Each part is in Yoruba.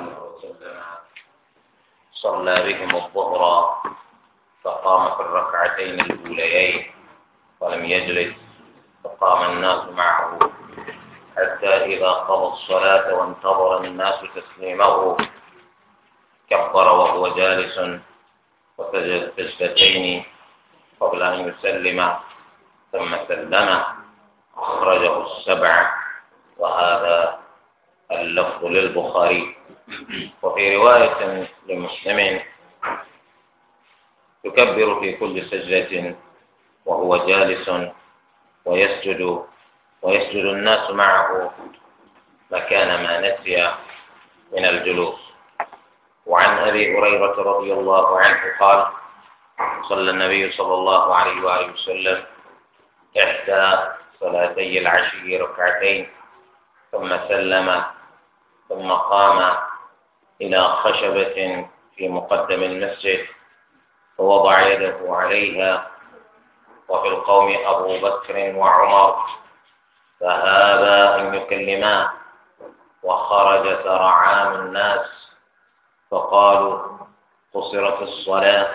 عليه وسلم صلى بهم الظهر فقام في الركعتين الأوليين ولم يجلس فقام الناس معه حتى إذا قضى الصلاة وانتظر الناس تسليمه كبر وهو جالس وسجد سجدتين قبل أن يسلم ثم سلم أخرجه السبع وهذا اللفظ للبخاري وفي رواية لمسلم يكبر في كل سجدة وهو جالس ويسجد ويسجد الناس معه مكان ما نسي من الجلوس وعن أبي هريرة رضي الله عنه قال صلى النبي صلى الله عليه وآله وسلم إحدى صلاتي العشي ركعتين ثم سلم ثم قام إلى خشبة في مقدم المسجد فوضع يده عليها وفي القوم أبو بكر وعمر فهذا أن يكلماه وخرج سرعان الناس فقالوا قصرت الصلاة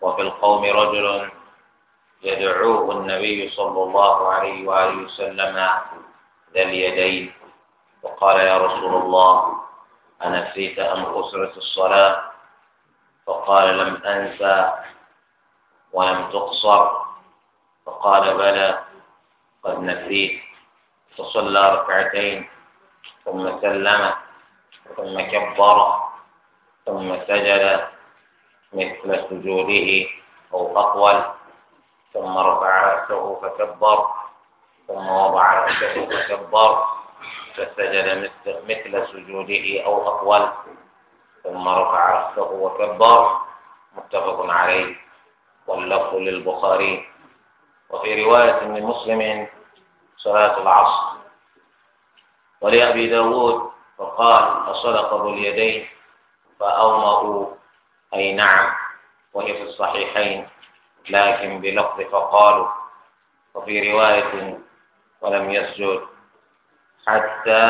وفي القوم رجل يدعوه النبي صلى الله عليه وآله وسلم ذا اليدين وقال يا رسول الله أنسيت أمر أسرة الصلاة فقال لم أنسى ولم تقصر فقال بلى قد نسيت فصلى ركعتين ثم سلم ثم كبر ثم سجد مثل سجوده أو أطول ثم رفع رأسه فكبر ثم وضع رأسه فكبر فسجد مثل سجوده أو أطول ثم رفع رأسه وكبر متفق عليه واللفظ للبخاري وفي رواية لمسلم صلاة العصر ولأبي داود فقال فصدق ذو اليدين فأومأوا أي نعم وهي في الصحيحين لكن بلفظ فقالوا وفي رواية ولم يسجد حتى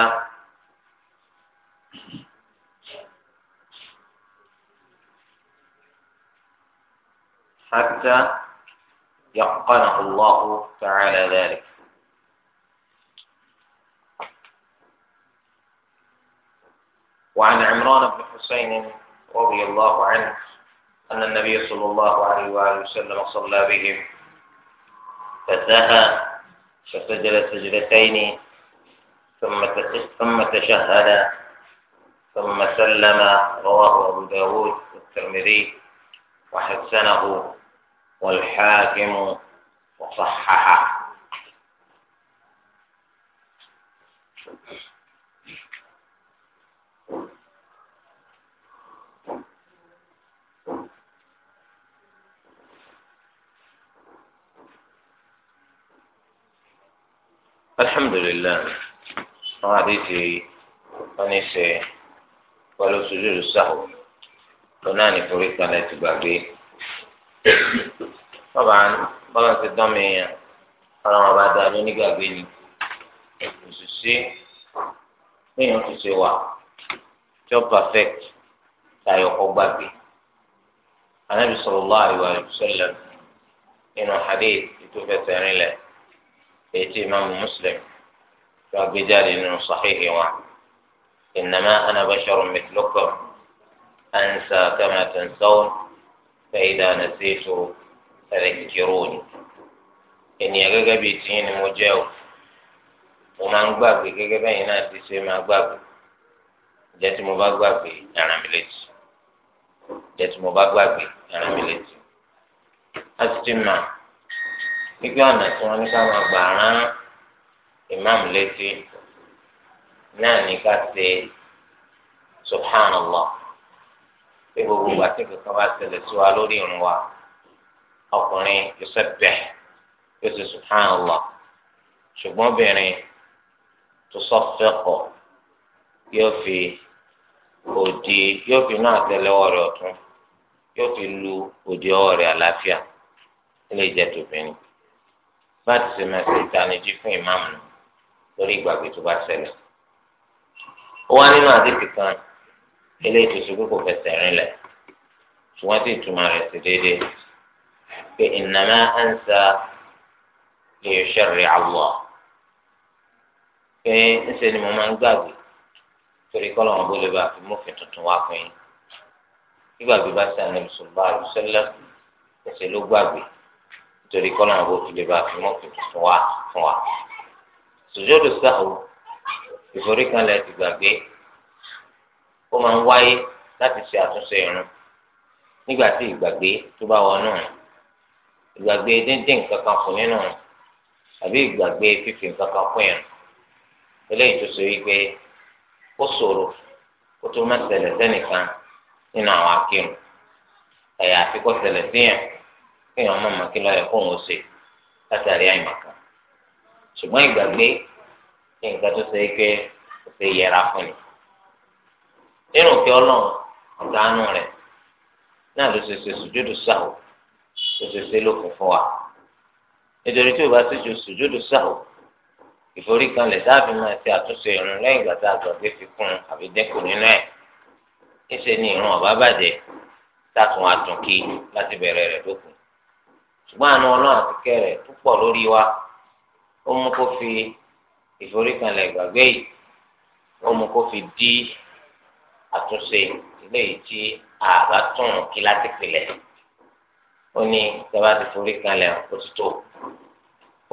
حتى يقنه الله تعالى ذلك وعن عمران بن حسين رضي الله عنه أن النبي صلى الله عليه وآله وسلم صلى بهم فسهى فسجل سجدتين ثم ثم تشهد ثم سلم رواه أبو داود والترمذي وحسنه والحاكم وصححه الحمد لله àwọn àdéhìí wọn ní ṣe pẹ̀lú sùúrù sáwọ tó náà ní forí kalẹ̀ ti gbàgbé bàbá bàbá ti dán mi yàn ọlọ́run ọba dá lóní gbàgbé ni òṣìṣẹ́ lẹ́yìn tó ṣe wà job perfect tayọ ọgbàgbé anabi sallallahu alaihi wasallam nínú hadith tó fẹsẹ̀ èyí tí imaamu muslim. فبجال من صحيح واحد إنما أنا بشر مثلكم أنسى كما تنسون فإذا نسيت فذكروني ẹni gẹ́gẹ́ bíi tiyín ni mo jẹ́ o mo máa ń gbàgbé gẹ́gẹ́ bẹ́yìn náà ti ṣe máa gbàgbé jẹ́ tí mo bá gbàgbé ara mi létí jẹ́ tí mo bá gbàgbé ara mi létí a ti ti mà nígbà ọ̀nà tí wọ́n ní ká máa gbà rán imam létí náà ní ká ṣe subhanallah pé gbogbo wa tí kankan bá ṣẹlẹ̀ sí wa lórí irun wa ọkùnrin yóò ṣe bẹ́ẹ̀ yóò ṣe subhanallah ṣùgbọ́n obìnrin tó sọ fẹ́ kọ̀ yóò fi òdi yóò fi náà tẹ́lẹ̀wọ́ rẹ̀ ọ̀tún yóò fi lu òdi ọwọ́ rẹ̀ àlàáfíà ilé ìjẹ tòbìnrin bá ti ṣe máa ìtanijí fún ìmáàmù lórí ìgbàgbé tó bá ṣẹlẹ̀ ó wá nínú àdéhùn kan eléyìí tó ṣubú kò fẹsẹ̀ rìn lẹ̀ ṣùgbọ́n tí ìtumọ̀ rẹ̀ ti déédéé pé ìnáná ẹ̀ńsà lè ṣẹ̀rẹ̀ àwọ̀ pé ńṣe ni mo máa ń gbàgbé torí kọ́ lọ́wọ́ bólú bá fi mọ́fìn tuntun wá fún yín gbígbàgbé bá ṣe àná ìṣòwò àlùsẹ́lẹ̀ ẹ̀ṣẹ̀ ló gbàgbé torí kọ́ lọ́wọ́ bó bá fi mọ́fìn tuntun wá fún wa. sùjúdù sáhù ìforíkanlẹ̀ ti gbàgbé ó máa ń wáyé láti ṣe àtúnṣe irun nígbà tí ìgbàgbé tó bá wọnú ìgbàgbé díndín nǹkan kan fún nínú àbí ìgbàgbé fífi nǹkan kan fún yẹn eléyìí tó so yìí pé ó ṣòro ó tún máa ṣẹlẹ̀ sẹ́nìkan nínú àwọn akírun ẹ̀yà àfikọ́ ṣẹlẹ̀ ṣùgbọ́n ìgbàgbé ní nǹkan tó ṣe é pé kò ṣe yẹra fún mi nínú kí ọlọ́run ọ̀dánù rẹ̀ náà ló ṣe ṣe sùjúdù sáhù ló ṣe ṣe lókun fún wa nítorí tí o bá ti ju sùjúdù sáhù ìforíkanlẹ̀ dáàbì máa ti àtúnṣe ìrun lẹ́yìn ìgbà tá a fi kún àbí dẹ́kun nínú ẹ̀ níṣẹ́ ni ìrun ọ̀bá bàjẹ́ tàtún àtúnkì láti bẹ̀rẹ̀ rẹ̀ lókun ṣùgbọ́n àánú ọlọ́run àti kẹrẹ̀ púpọ̀ lórí wa ó mú kó fi ìforíkanlẹ̀ gbàgbé yìí ó mú kó fi dí àtúnṣe eléyìí tí ààbá tún kí láti pilẹ̀ ó ní sábà ti foríkanlẹ̀ òtítọ́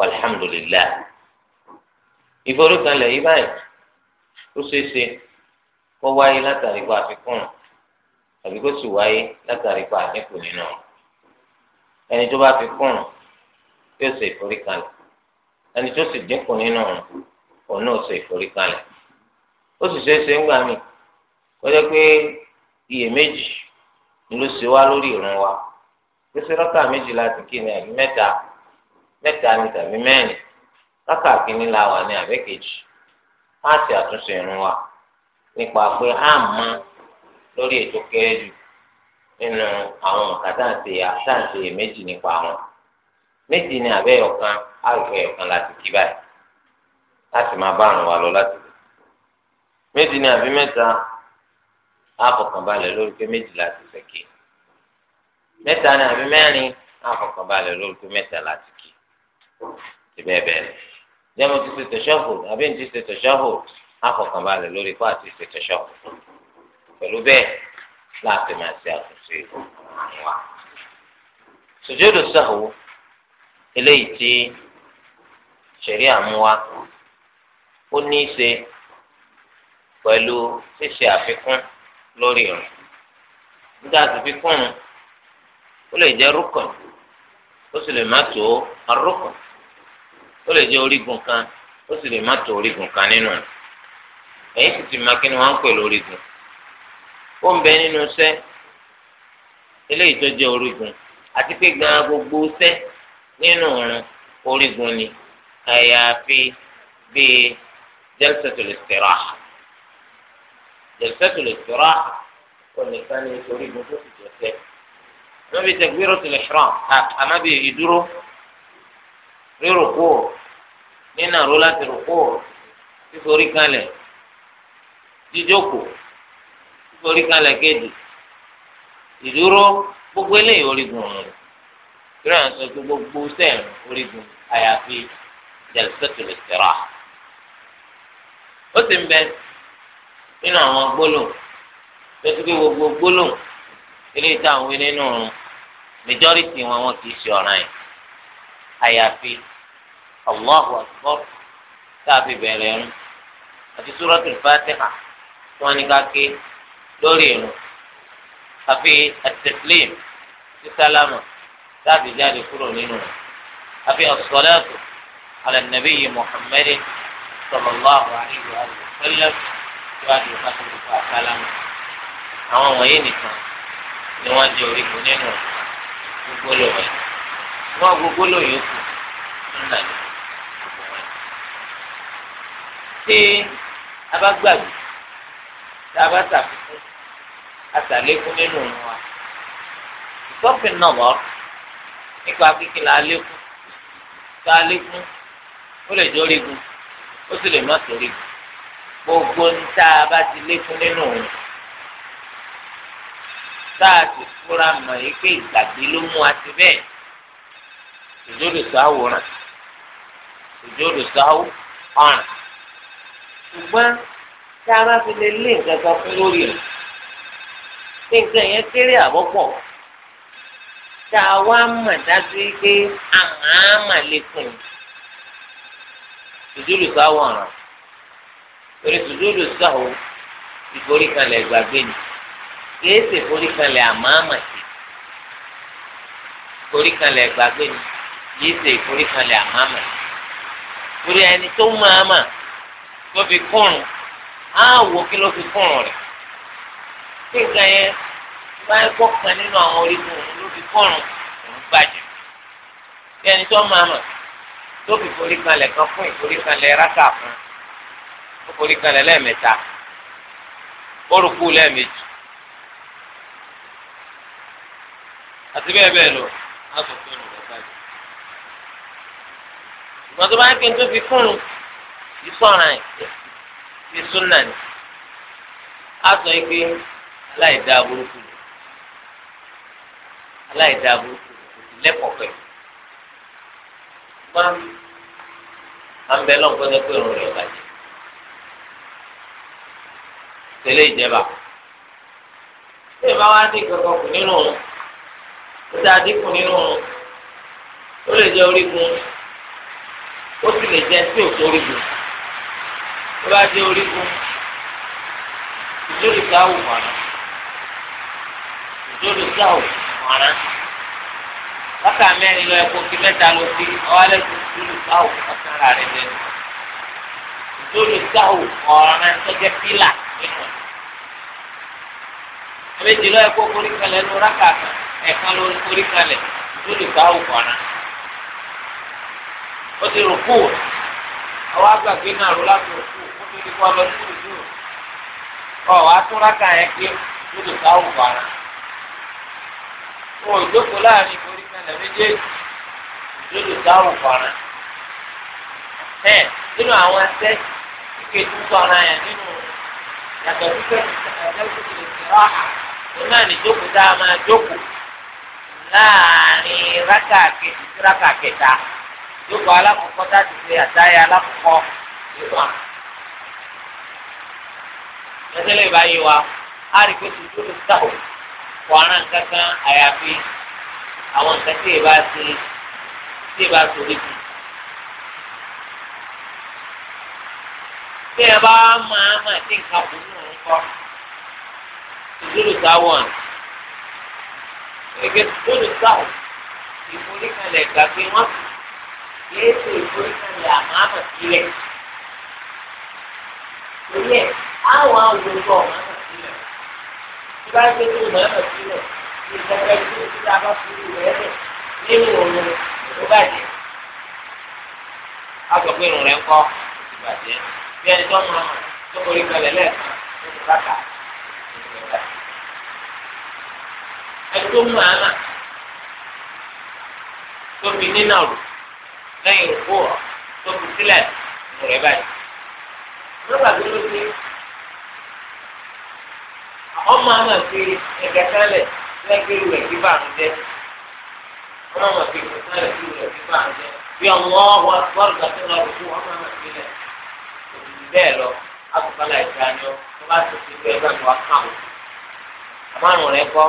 alhamdulilayi ìforíkanlẹ̀ yìí báyìí ó ṣeéṣe kó wáyé látàrí pa àfikún àbí kó sì wáyé látàrí pa àdínkù nínú ẹni tó bá fi kún yóò ṣe ìforíkanlẹ̀. ẹni tó sì dínkù nínú òun náà ṣe ìforíkalẹ̀ ó sì ṣeé ń gbà mí ó jẹ́ pé iyèméjì ni ló ṣe wá lórí ìrun wa pé ṣé méjì láti ni àbí mẹ́ta mẹ́ta ni tàbí mẹ́rin rákà kìíní la wà ní àbẹ́kejì á àtúnṣe ìrun wa nípa pé á mọ lórí ni àbẹ́yọ̀ àrùkọ ẹ̀kan láti kí báyìí láti máa bá àrùn wa lọ láti lè. méjì ni àbí mẹ́ta àfọkànbalẹ̀ lórí pé méjì láti sẹ̀kì. mẹ́ta ni àbí mẹ́rin àfọkànbalẹ̀ lórí pé mẹ́ta láti kí. ti bẹ́ẹ̀ bẹ́ẹ̀ lọ. jẹ́mu ti ṣe tẹ̀sọ́hù àbí ti ṣe tẹ̀sọ́hù àfọkànbalẹ̀ lórí pé àti ṣe tẹ̀sọ́hù. pẹ̀lú bẹ́ẹ̀ láti máa ṣe àtúnṣe àwọn wa. sùjúdù sahwu eléyìí ṣẹ̀rí àmúwá ó ní í ṣe pẹ̀lú ṣíṣe àfikún lórí ìrun nígbà tó fi kún un ó lè jẹ́ rúkàn ó sì lè má tó arúkàn ó lè jẹ́ orígun kan ó sì lè má tó orígun kan nínú rẹ̀ ẹ̀yìn sì ti máa kí ni wọ́n ń pè lórígun ó ń bẹ nínú sẹ́ eléyìí tó jẹ́ orígun àti pé gan gbogbo sẹ́ nínú òrùn orígun ni àyàfi bíi jalsatul istiraha jalsatul istiraha onìkan ní torí mo tó ti jẹ fẹ wọn bí takbiratul ihram àmọ́ bíi ìdúró rírò kó nínú àrò láti rò kó fíforí kalẹ̀ jíjókòó fíforí kalẹ̀ kejì ìdúró gbogbo eléyìí orígun ọ̀run rẹ̀ tí wọ́n sọ pé gbogbo sẹ́ẹ̀rùn orígun àyàfi jẹlẹsẹtù lè tẹrà ó sì ń bẹ nínú àwọn gbólóhùn lọsí pé gbogbo gbólóhùn eléyìí tá à ń wí nínú majority wọn wọn kì í ṣe ọ̀ràn yìí allahu akbar tá a fi bẹ̀rẹ̀ ẹ̀rùn àti suratul fatiha tí wọ́n ní ká ké lórí ẹ̀rùn àfi at-taslim sí sálámà tá a fi jáde kúrò nínú rẹ̀ على النبي محمد صلى الله عليه وآله وسلم síwájú kátópù fún àkàlámù àwọn wọ̀nyí nìkan ni wọ́n jẹ orígun nínú gbogbo lòwẹ̀ wọ́n gbogbo lòyìn kù ńlá ní gbogbo wọn. tí a bá gbàgbé tá a bá ṣàfikún àtàlékún nínú òun wa ìtọ́fin náà wọ́ nípa kíkìlá alékún tá alékún ó lè jẹ́ orígun ó sì lè má sórí gbogbo ń tá a bá ti lékún nínú òun tá a sì fúra mọ̀ yìí pé ìgbàgbé ló mú wa ti bẹ́ẹ̀ ìjọ́dọ̀ sáwòrán ìjọ́dọ̀ sáwò ọ̀ràn ṣùgbọ́n tá a bá fi lè lé nǹkan kan fún lórí rẹ̀ pé nǹkan yẹn kéré àbọ̀pọ̀ tá a wá mọ̀ dájú pé àmàmà lè fún un sùdúrù sáwọ ọ̀ràn torí sùdúrù sáwọ ìforíkalẹ̀ gbàgbé ni kìí ṣe ìforíkalẹ̀ àmàmà sí ìforíkalẹ̀ gbàgbé ni kìí ṣe ìforíkalẹ̀ àmàmà sí torí ẹni tó máa mà tó fi kúrun á wò kí ló fi kúrun rẹ̀ kí nǹkan yẹn báyìí kọ́ kan nínú àwọn orígun òun ló fi kúrun òun bàjẹ́ kí ẹni tó máa mà tó fi forí kanlẹ̀ kan fún ìforí kanlẹ̀ rákà fún ó forí kanlẹ̀ lẹ́ẹ̀mẹ́ta ó rúkú lẹ́ẹ̀mejì àti bẹ́ẹ̀ bẹ́ẹ̀ lọ á sọ fún ìrùbọ̀ báyìí. ìgbà tó bá ń kí n tó fi kún un ìsọ̀ràn ti súnà ni á sọ yìí pé aláìdáa burúkú aláìdáa burúkú lẹ́kọ̀ọ́ pẹ̀lú pa à ń bẹ lọ́nkọ́ ní pé irun rẹ̀ bàjẹ́ tẹ́lẹ̀ ìjẹba tí ìbá wá dín kankan kù nínú òun ó dáa dínkù nínú òun ó lè jẹ orígun ó sì lè jẹ sí òkú orígun tó bá jẹ orígun ìjọ́lùsáwò mọ̀ràn ìjọ́lùsáwò mọ̀ràn rákà mẹ́rin lọ ẹ̀kọ́ kí mẹ́ta lọ sí ọ̀hálẹ́ ìdúró sáwò ọ̀sára rẹ̀ lẹ́nu. ìdúró sáwò ọ̀ràn sọ́jẹ́ pílà nínú ẹ̀. méjì lọ ẹ̀kọ́ orí kalẹ̀ nu rákà kan ẹ̀kan lọ orí kalẹ̀ ìdúró sáwò ọ̀ràn. ó ti rò kúù àwọn agbàgbé náà rò láti rò kúù ó ti di kọ́ lọ sí ìdúró. ọ̀ wá wọn ò jókòó láàrin ìforí kanlẹ̀ méjèèjì lórí ìdáhùn kọ̀ọ̀ràn. ẹ nínú àwọn ẹsẹ kíkẹ́ tó kọ̀ọ̀ràn yẹn nínú yàtọ̀ pípẹ́ òun náà ní jókòó tá a máa jókòó láàrin rákà kejì sí rákà kẹta jókòó alákọ̀ọ́kọ́ tá a ti ṣe àtàyà alákọ̀ọ́kọ́ ìwà. ẹsẹ̀ lè bá yé wa a rí pé tuntun ló sáwọ́ kọ̀ọ̀ràn kankan àyàfi àwọn nǹkan tí èèbá ti tí èèbá sórí kù. tí ẹ bá máa máa tí nǹkan kù nínú nǹkan ìdúró sáwọn ẹgbẹ́ ìdúró sáwọn ìforíkalẹ̀ gbàgbé wọn yéé ṣe ìforíkalẹ̀ àmọ́ àmọ̀ torí ẹ̀ àwọn àwòrán ọ̀hún bá gbé ní ìmọ̀ ẹ̀rọ sílẹ̀ ní ìgbẹ́fẹ́ tí ó bá fi rẹ̀ lẹ̀ nínú òun ló bàjẹ́. a sọ pé irun rẹ̀ ń kọ́ ti bàjẹ́ bí ẹni tó ń rán tó kórè kalẹ̀ lẹ́ẹ̀kan tó ti bàtà ẹni tó mú àná tó fi nínà rò lẹ́yìn òkú ọ̀ tó fi sílẹ̀ irun rẹ̀ wọ́n gbàgbé ló ṣe ọmọ àmà fi ẹ̀kẹ́ sálẹ̀ lẹ́gbẹ̀rú rẹ̀ kí bàánú jẹ́ ọmọ àmà fi ẹ̀kẹ́ sálẹ̀ lẹ́gbẹ̀rú rẹ̀ kí bàánú jẹ́ bí ọmọ ọwọ́ akọ́rọ̀ gàtí lọ rò fún ọmọ àmà fi lẹ̀ òtún bẹ́ẹ̀ lọ akọ̀kọ̀lá ìdájọ́ tó bá ti fi bẹ́ẹ̀ bá tó akáwò àmọ́rùn rẹ̀ kọ́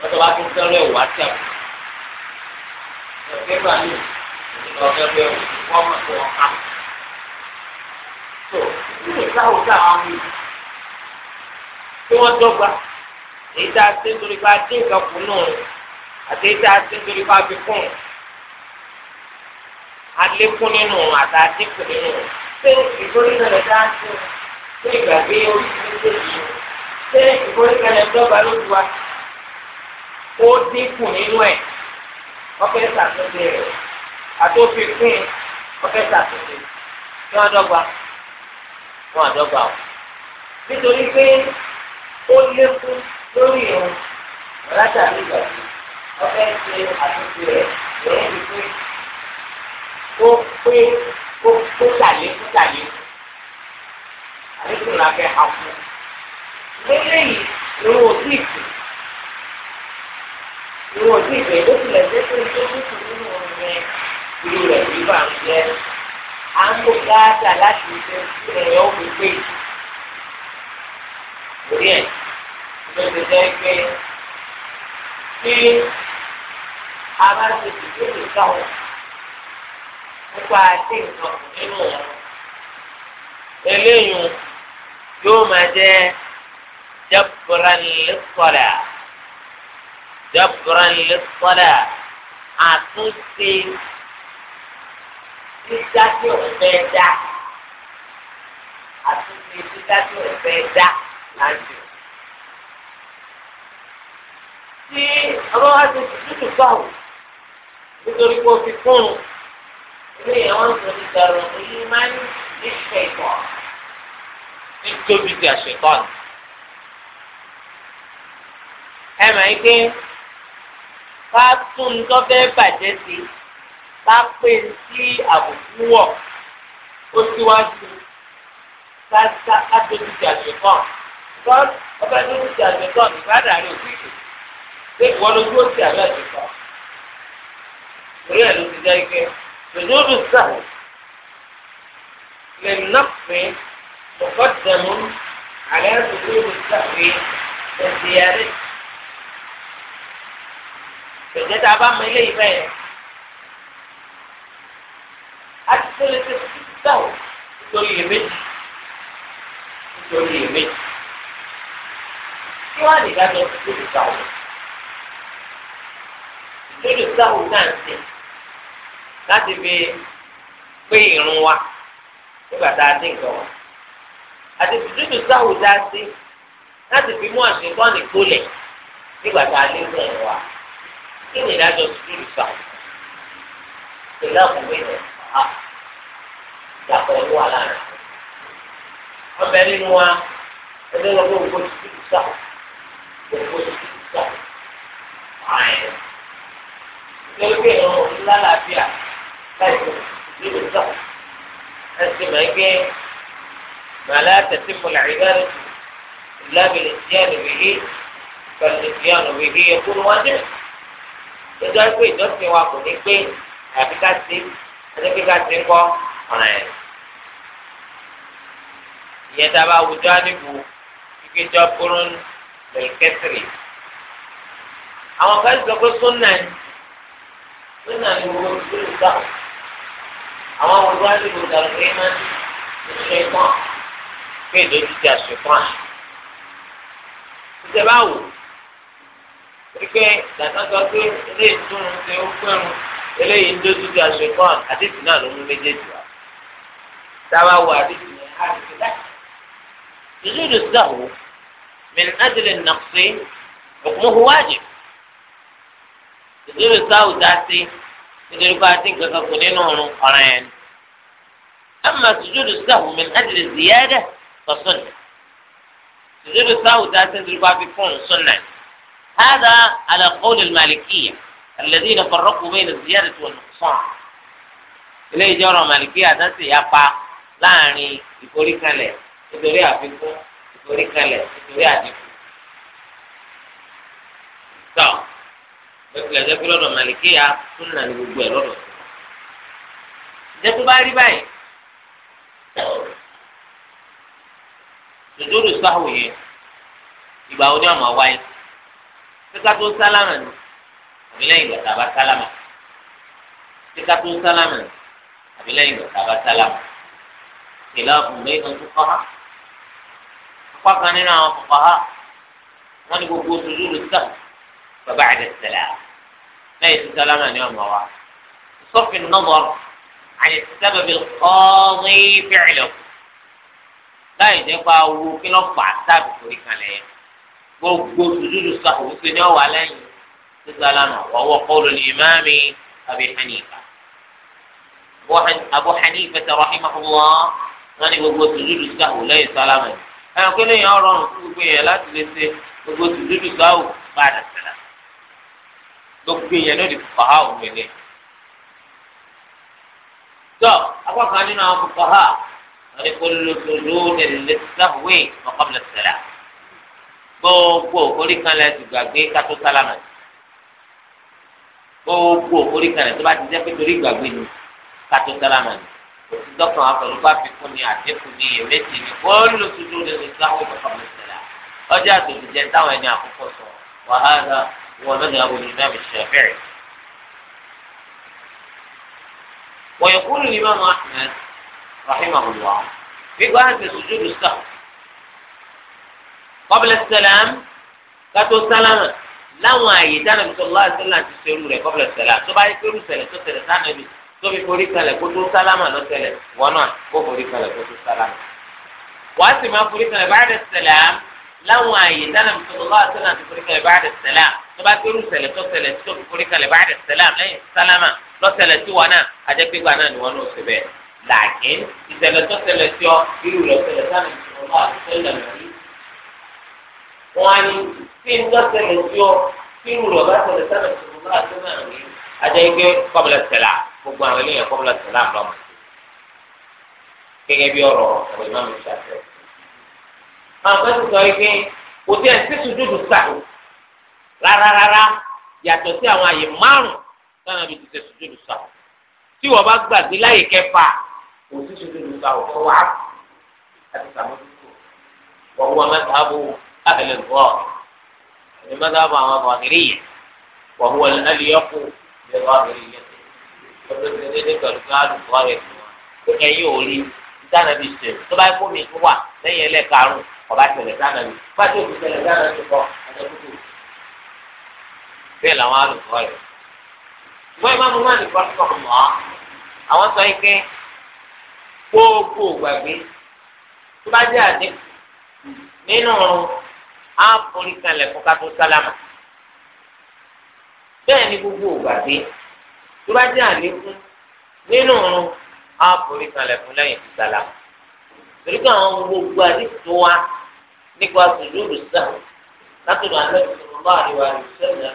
wọ́n tó bá tún sẹ́rọ̀ ẹ̀wọ̀ àti àbùkù ẹ̀kẹ́ bá ní tó nígbà táwọn ọ̀gá àwọn mi tí wọ́n dọ́gba èyí tá a ṣe nítorí pé a dín nǹkan kù náà àti èyí tá a ṣe nítorí pé a fi kùn alékún nínú àti àdínkù nínú ṣé ìforíkalẹ̀ dá sí ṣé ìgbàgbé orí ti ṣe ṣe ìforíkalẹ̀ dọ́gba ló ti wá ó dínkù nínú ẹ̀ ọ̀fẹ́ ṣàtúnṣe rẹ̀ àtòfin kún ọ̀fẹ́ ṣàtúnṣe kí wọ́n dọ́gba wọn àdọ́gba o nítorí pé ó lékún lórí ìrún látàrí ìgbà tí wọ́n fẹ́ ṣe àtúnṣe rẹ̀ lẹ́yìn tí pé ó pé ó ó tàlékún tàlékún àlékún là fẹ́ ha fún lélẹ́ yìí ìrún òsì ìsìn ìrún òsì ìsìn ó tilẹ̀ dé pé ó tó kù nínú ọ̀rẹ́ ìlú rẹ̀ bí bá à ń lò káàtà láti ṣe ẹ̀rọ òkèké lórí ẹ̀ ló ti jẹ́ pé tí a bá ti dìbò nígbà wọn nípa àti nǹkan nínú wọn eléyìí yóò máa jẹ́ jabran lẹ́kọ̀ọ́dà àtúnṣe dídá tí ò fẹ́ dá àtúnṣe dídá tí ò fẹ́ dá láti. tí ọba wa ti tútù báwò nítorí pé o ti fún un ilé ìyàwó ń sọ ní ìdàrú èyí máa ń ní ṣẹ̀kọ̀ ní tóbi ti àṣẹkọ̀ ni. ẹ máa ń gbé wá tún un tó fẹ́ bàjẹ́ sí i lápé tí àbùkù wọ̀ ó síwájú kájọ́jú ti àjẹ̀kọ́ because ọba tó ti àjẹ̀kọ́ ìbáàdà rẹ̀ ò tíì pé ìwọ ló dúró sí àbẹ̀ àjẹ̀kọ́ ìrẹ́ ló ti jẹ́ ike tòjúdù sáà lè nàpé mọ̀kọ́dẹ̀mú àlẹ́ tòjúdù sáà lè ti yẹrẹ tòjúdù tá a bá mọ ilé ìfẹ́ àti tẹ́lẹ̀ tẹ́lẹ̀ nítorí iyèméjì nítorí iyèméjì kí wọ́n lè dájọ́ ìtòlù dáwọ̀ ìtòlù dáwọ̀ náà ṣe láti fi pé ìrun wa nígbà tá a dín nǹkan wa àti ìtòlù dáwọ̀ dá sí láti fi mú àṣetọ́ni gbólẹ̀ nígbà tá a lé ìrun wa kí ni ìdájọ́ ìtòlù dáwọ̀ ìlànà ìwé náà a ìyàpọ̀ ẹ̀rú wà lára wọn bẹ nínú wa ẹgbẹ́ wọn bẹ ògbó títí ti sá ògbó títí ti sá ààyè nítorí pé ìrún òní lálàáfíà láì tó ìlú sá ẹsẹ̀ máa ń gbé màlá tẹ̀sí fúnlẹ̀ ìdáná ìlàbìlì ìyáàdì wìhí pẹ̀lú ìyáàdì wìhí ẹ̀kú ni wọ́n dẹ̀. ìjọba pé ìjọsìn wa kò ní pé àbíká sí i ẹni kíkà ti ń kọ́ ọ̀nà yẹn. ìyẹn tá a bá wùjọ́ àdìbò kíkẹ́ jọ kúrún lẹ́kẹ́sìrì. àwọn kan sọ pé súnà ni súnà ni wọ́n ti ń gbà. àwọn wùjọ́ àdìbò dàrú pé máa ń ṣe kàn pé ìdójútì àṣùkàn. ìjẹba wò wípé dàtọ́ sọ pé ilé ìtúnu ti ó pẹ́rùn. eléyìí ń dójú aṣọ àṣekọ́n àdìsí náà ló mú méjèèjì wá táwa wo àdìsí yẹn á lè fi láti. ìlúdò sáwò min adìrẹ nàkúsí òkùnmọ́hu wájib ìlúdò sáwò dá sí nítorí pé àti nǹkan kan kò nínú ọ̀run ọ̀ràn yẹn ni. أما سجود السهو من أجل الزيادة فسنة سجود السهو تأتي àti يكون سنة هذا على قول màlìkìyà. الذين فرقوا بين الزيادة والنقصان إليه جرى مالكية تنسي يقع láàrin ìforíkalẹ̀ nítorí àfikún ìforíkalẹ̀ nítorí àdínkù. tọ́ ìpìlẹ̀ jẹ́ pé lọ́dọ̀ màlìkéyà tún nà ní gbogbo ẹ̀ lọ́dọ̀. ìjẹ́ tó bá rí báyìí dòdòdò sáwò yẹn ìgbà wo ni ọmọ wáyé kíkà tó sálámà ni. lẹ́yìn gbọta bá sálámà síkà tó sálámà àbí lẹ́yìn ìgbà tàbá sálámà ìlà ọkùnrin lẹ́yìn tó kọ́ ha apá kan nínú àwọn kọ̀kọ́ ha wọ́n ní gbogbo oṣù lóru sá bàbá àdẹ̀sẹ̀lá lẹ́yìn tó sálámà ní ọmọ wa sọ́fìn nọbọ àyè sábàbí kọ́ọ́rì fìlẹ̀ láyé jẹ́ pa owó kí lọ́ọ́ fà á sábì torí kan lẹ́yìn gbogbo oṣù lóru sá òun ṣe ní ọ̀wà lẹ́yìn. سلامة وهو قول الإمام أبي حنيفة أبو حنيفة رحمه الله wọ́n ní gbogbo tùdúdù sáwù lẹ́yìn sálámà yìí ẹ̀yìn pé lẹ́yìn ọ̀rọ̀rùn fún gbogbo yẹn láti lè ṣe gbogbo tùdúdù sáwù bàdà sẹ́la gbogbo yẹn lóde fàá òmìnira tó akọ́kàn nínú àwọn fòkòhá wọ́n ní kó lóṣooṣo lè sáwù wé ọ̀kọ́mìnà sẹ́la gbogbo orí kan lẹ́sìn gbàgbé kátó sálámà yìí. gbogbo òkórí kan tó bá ti jẹ́ pé torí ìgbàgbé ni kátó sálámà ni òtún dọ́kàn àpẹ̀lú bá fi fún ni àdínkù ni ìrètí ni ó lò tuntun lè ní sáwọ́ ìbọ̀kọ̀ mẹ́sàlá ọjọ́ àtòjì jẹ́ táwọn ẹni àkókò sọ wàhálà wọn lọ́dọ̀ àwọn olùdíjọ́ mi ṣe bẹ̀rẹ̀. ويقول الإمام أحمد رحمه الله في قاعدة سجود السهو قبل السلام كاتو سلامة láwọn àyè dáná bí sọlá àtẹlà ti ṣerú rẹ̀ kọfílẹ sẹlẹ tó bá yẹ pé rú sẹlẹ tó tẹlẹ sáà nàbí tó fi forí kalẹ̀ kó tó sálámà lọ tẹlẹ wọn náà kó forí kalẹ̀ kó tó sálámà. wàá sì máa forí kalẹ̀ bá dẹ sẹlẹ láwọn àyè dáná bí sọlá àtẹlà ti forí kalẹ̀ bá dẹ sẹlẹ tó bá pé rú sẹlẹ tó tẹlẹ tó fi forí kalẹ̀ bá dẹ sẹlẹ lẹ́yìn sálámà lọ tẹlẹ sí wọn náà àjẹpégbà wọn á ní kí n dọ́sẹ̀lẹ̀ sí ọ kí n rọ̀ bá sẹlẹ̀ sẹ́lẹ̀ tuntun náà tó náà rí ajá yìí pé kọ́bùlà sẹ̀lá gbogbo àwọn eléyàn kọ́bùlà sẹ̀lá ń lọ́mọ gẹ́gẹ́ bí ọ̀rọ̀ ọ̀rọ̀ ìmáàmù ṣàfẹ́. àwọn kan ti sọ yìí pé kò tí ẹ̀ sí sùdúdù sàrò rárárárá yàtọ̀ sí àwọn àyè márùn-ún táwọn ibi ti ṣe sùdúdù sàrò tí wọ́n bá gbàgbé láyè kẹfà kò sí sùdúdù sàrò fọwọ́ àti sàmójútó wọ́n wọ́n mẹ́ta bó wọn. أهل الظاهر لماذا أبو عن ظاهرية وهو الأليق بظاهريته فبالذي قالوا قالوا ظاهر ẹ̀yin ò rí dáná bíi ṣe tó bá kó mi wà lẹ́yìn ẹlẹ́karùn-ún ọba tẹ́lẹ̀ dáná bíi pàṣẹ òfin tẹ́lẹ̀ dáná bíi kọ ẹdẹkùtù bẹ́ẹ̀ làwọn alùpùpù rẹ ṣùgbọ́n ìmáàmù náà ní pásítọ mọ àwọn sọ yìí pé gbogbo gbàgbé tó bá jẹ àdínkù nínú ọrùn á forí kanlẹ̀ fún kátó sálámà bẹ́ẹ̀ ni gbogbo ògbà dé tó bá dé àlékún nínú ọrùn á forí kanlẹ̀ fún lẹ́yìn tó sálámà torí pé àwọn gbogbo àdìsí tó wá nípa sùdúrù sáà látọ̀dọ̀ àlẹ́ ìṣòro àríwá àríṣẹ́lẹ̀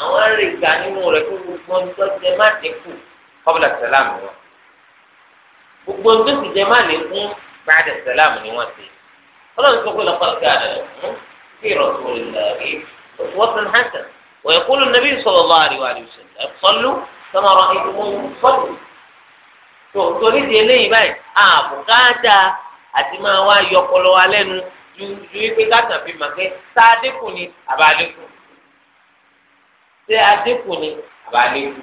àwọn arìnrìnkà nínú rẹ̀ kó gbogbo ohun tó jẹ má dínkù kọ́bùlà sàlámù wọn gbogbo ohun tó jẹ má lékún bàdà sàlámù ni wọ́n ti ọlọ́run sọ pé àti àdàlẹ̀ fún. في رسول الله أسوة حسنة ويقول النبي صلى الله عليه وآله وسلم صلوا كما رأيتموني صلوا torí di eléyìí báyìí àbùkátà àti máa wá yọpọlọ wa lẹ́nu ju ju wípé káàtàn fi màkẹ tá a dínkù ni àbá dínkù ṣé a dínkù ni àbá dínkù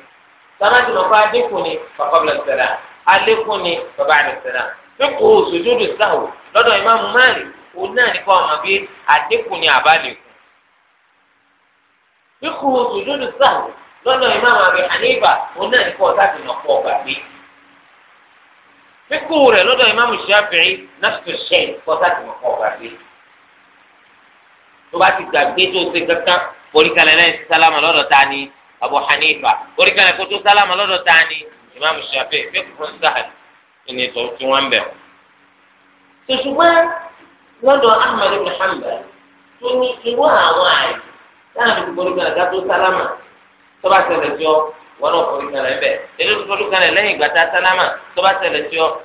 sábàtì mọ̀ fún a dínkù ni bàbá bìlẹ̀ sẹ́dá a dínkù ni bàbá bìlẹ̀ sẹ́dá fíkù sùjúdù sáwò lọ́dọ̀ ìmáàmù Málíkì òun náà ní kó ọmọ bí àdínkù ni àbá lè kù. kíkú sùjúdù sáà lọ́dọ̀ ìmáàmù àbí àníbà òun náà ní kó ọ̀tá ti nàpọ̀ ọ̀gbà gbé. kíkú rẹ̀ lọ́dọ̀ ìmáàmù Ṣáfi'í náà tó ṣe kó ọ̀tá ti nàpọ̀ ọ̀gbà gbé. tó bá ti gbàgbé tó ṣe kankan oríkalẹ̀ lẹ́yìn sálámà lọ́dọ̀ ta ni Abu Hanifa oríkalẹ̀ kó tó sálámà lọ́dọ̀ ta ni ìmáàmù Ṣáfi'í fíkú fún sáà ní ètò tí wọ́n ń bẹ̀rù. tòṣùgbọ́n lọ́dọ̀ Ahmad ibn Hanbal tó ní irú àwọn àyè láàrin gbogbo nígbà tá tó sálámà tó bá ṣẹlẹ̀ jọ wọn náà forí kan lẹ́bẹ̀ èdè tó kan lẹ́yìn ìgbà tá a sálámà ọ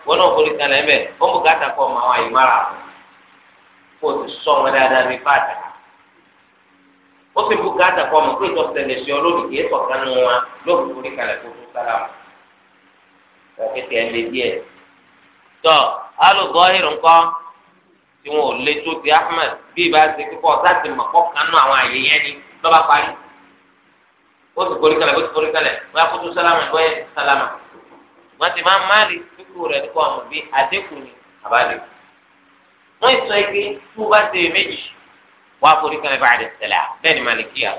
wọn náà forí kan lẹ́bẹ̀ ó ń ọmọ àwọn àyè kó o ti sọ wọn dáadáa ní fàtà ó fi ọmọ forí kan tí wọn ò lé tó ti Ahmed bí ìbá ti kíkọ́ sáàtì mọ̀ kọ́ kanú àwọn àyè yẹn ni lọ́ba parí ó ti forí kalẹ̀ ó ti forí kalẹ̀ wọ́n á kó tó sálámà ìwọ́ yẹn sálámà wọ́n ti máa ń máàlì kíkú rẹ̀ nípa ọmọ bíi àdínkù ni àbálẹ̀ wọ́n sọ igi tó bá ṣe méjì wàá forí kalẹ̀ bá àdẹ̀ sẹ̀lẹ̀ bẹ́ẹ̀ ni màlìkí yà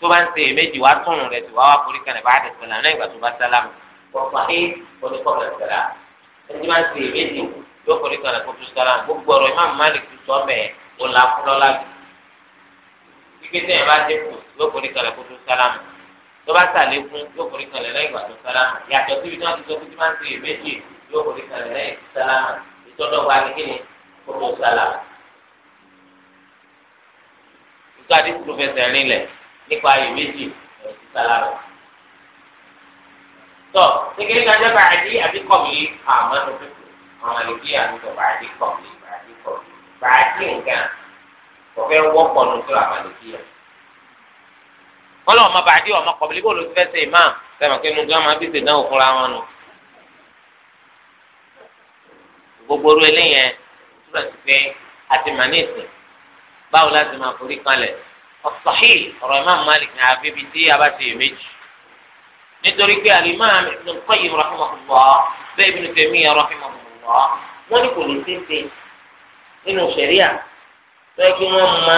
tó bá ń ṣe méjì wàá tún rẹ̀ tó wàá forí kalẹ̀ bá àdẹ̀ sẹ̀lẹ̀ náà ìgbà tó bá sálámà wọ́n fà yóò forí kan kó tó sára gbogbo ọ̀rọ̀ imam malik ti sọ mẹ́ẹ̀ ó la fún lọ́la jù kíkẹ́ sẹ́yìn bá dé kù yóò forí kan kó tó sára mọ́ tó bá sàlẹ̀ fún yóò forí kan lẹ́yìn ìgbà tó sára mọ́ yàtọ̀ síbi tí wọ́n ti sọ pé tí wọ́n ti méjì yóò forí kan lẹ́yìn sára mọ́ ìtọ́jọ́ wa ni kíni kó tó sára mọ́. ìgbà tí nípa ayò méjì ẹ̀rọ ti tọ́ kékeré kan jẹ́ bàjẹ́ àbí kọ̀ọ̀mù màlìkí àtúntò bàájì kọ̀ọ̀lì bàájì kọ̀ọ̀lì bàájì nǹkan kọ̀fẹ́ wọ́pọ̀ nù tó àmàlìkí yà. wọ́n lọ́wọ́ ọmọ bàájì ọmọ kọ̀ọ̀lì bó ló ti fẹ́ ṣe ìmáà sẹ́wọ̀n kí nùgbọ́n máa bí ṣèdánwò fúnra wọn nù. gbogbo oru eléyẹn túbọ̀ sí pé àti màníìsì báwo láti máa forí kalẹ̀ ọ̀sọ̀hìn ọ̀rọ̀ ìmáà Malik ní abébí tí a bá ti méjì nítorí pé Al-Imam Ibn Qayyim rahimahullah bẹ́ẹ̀ Ibn rahimahullah lọ wọn ní kò lè ṣeéṣe nínú sẹríà lọ́yẹ kí wọ́n mọ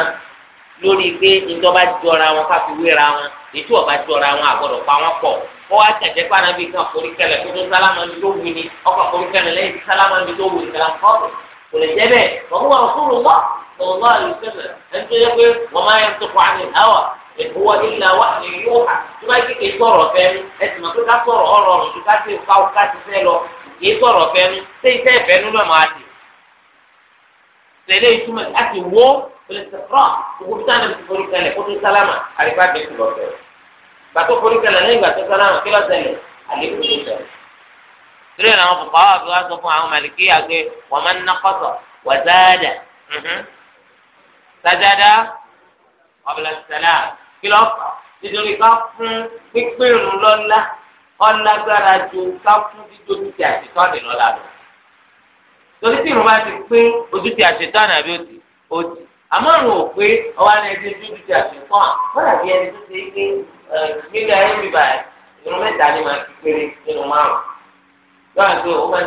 lórí pé ìjọba jọra wọn káfí wéra wọn ètò ọba jọra wọn àgbọ̀dọ̀ pa wọn pọ̀ ó wá tẹ̀jẹ́ pàrọ̀ bíi kan forí kẹlẹ̀ tó tó sálámà mi tó wù ní ọkọ̀ forí kẹlẹ̀ lẹ́yìn tí sálámà mi tó wù ní kẹlẹ̀ kọ́ọ̀tù kò lè jẹ́ bẹ́ẹ̀ wọ́n wà fún un wá wọ́n wá lè sẹ́sẹ̀ ẹni tó yẹ pé wọ́n máa yẹ tó pàánì àwà ìfowó ilà wà ní yóò hà tó bá yẹ kékeré sọ̀rọ̀ fẹ́ ẹ̀sìn mọ̀ pé ká sọ̀rọ̀ ọ̀rọ̀ ọ̀rùn tó ká ti fa ká ti fẹ́ lọ kì í sọ̀rọ̀ fẹ́nu ṣé iṣẹ́ ìfẹ́nu lọ́mọ àti tẹ̀lé ìtumọ̀ àti wó olè sẹ̀fọ́ gbogbo bí sáà nàbẹ̀tì forí kalẹ̀ kó tó sálámà àríwá bẹ̀tì lọ́fẹ̀ gbàtó forí kalẹ̀ lẹ́yìn gbàtó sálámà kí lọ́sẹ̀lẹ̀ àlékún tó sẹ̀rẹ̀ tẹ́lẹ̀ náà wọ́n fọ̀ ọ́ àbí wọ́n sọ fún àwọn màlìkí àgbẹ̀ wọ́n máa ń ná kọ́sọ̀ wàzáàdà sàdáàdà ọ̀bìlà sàlá kí lọ́ fà nítorí ká fún pípé ìrùn ọlágbára ju káfú dídójú ti àṣetán nì lọ́la lọ. torí tí ìrùbá ti pé ojú ti àṣetán àbí òtí òtí àmọ́ ò pé ọwọ́ ni ẹni ojú ti àṣetán wọ́n dàbí ẹni tó ṣe é pé ayé mi báyìí mẹ́ta ni màá péré nínú márùn-ún àti máa ń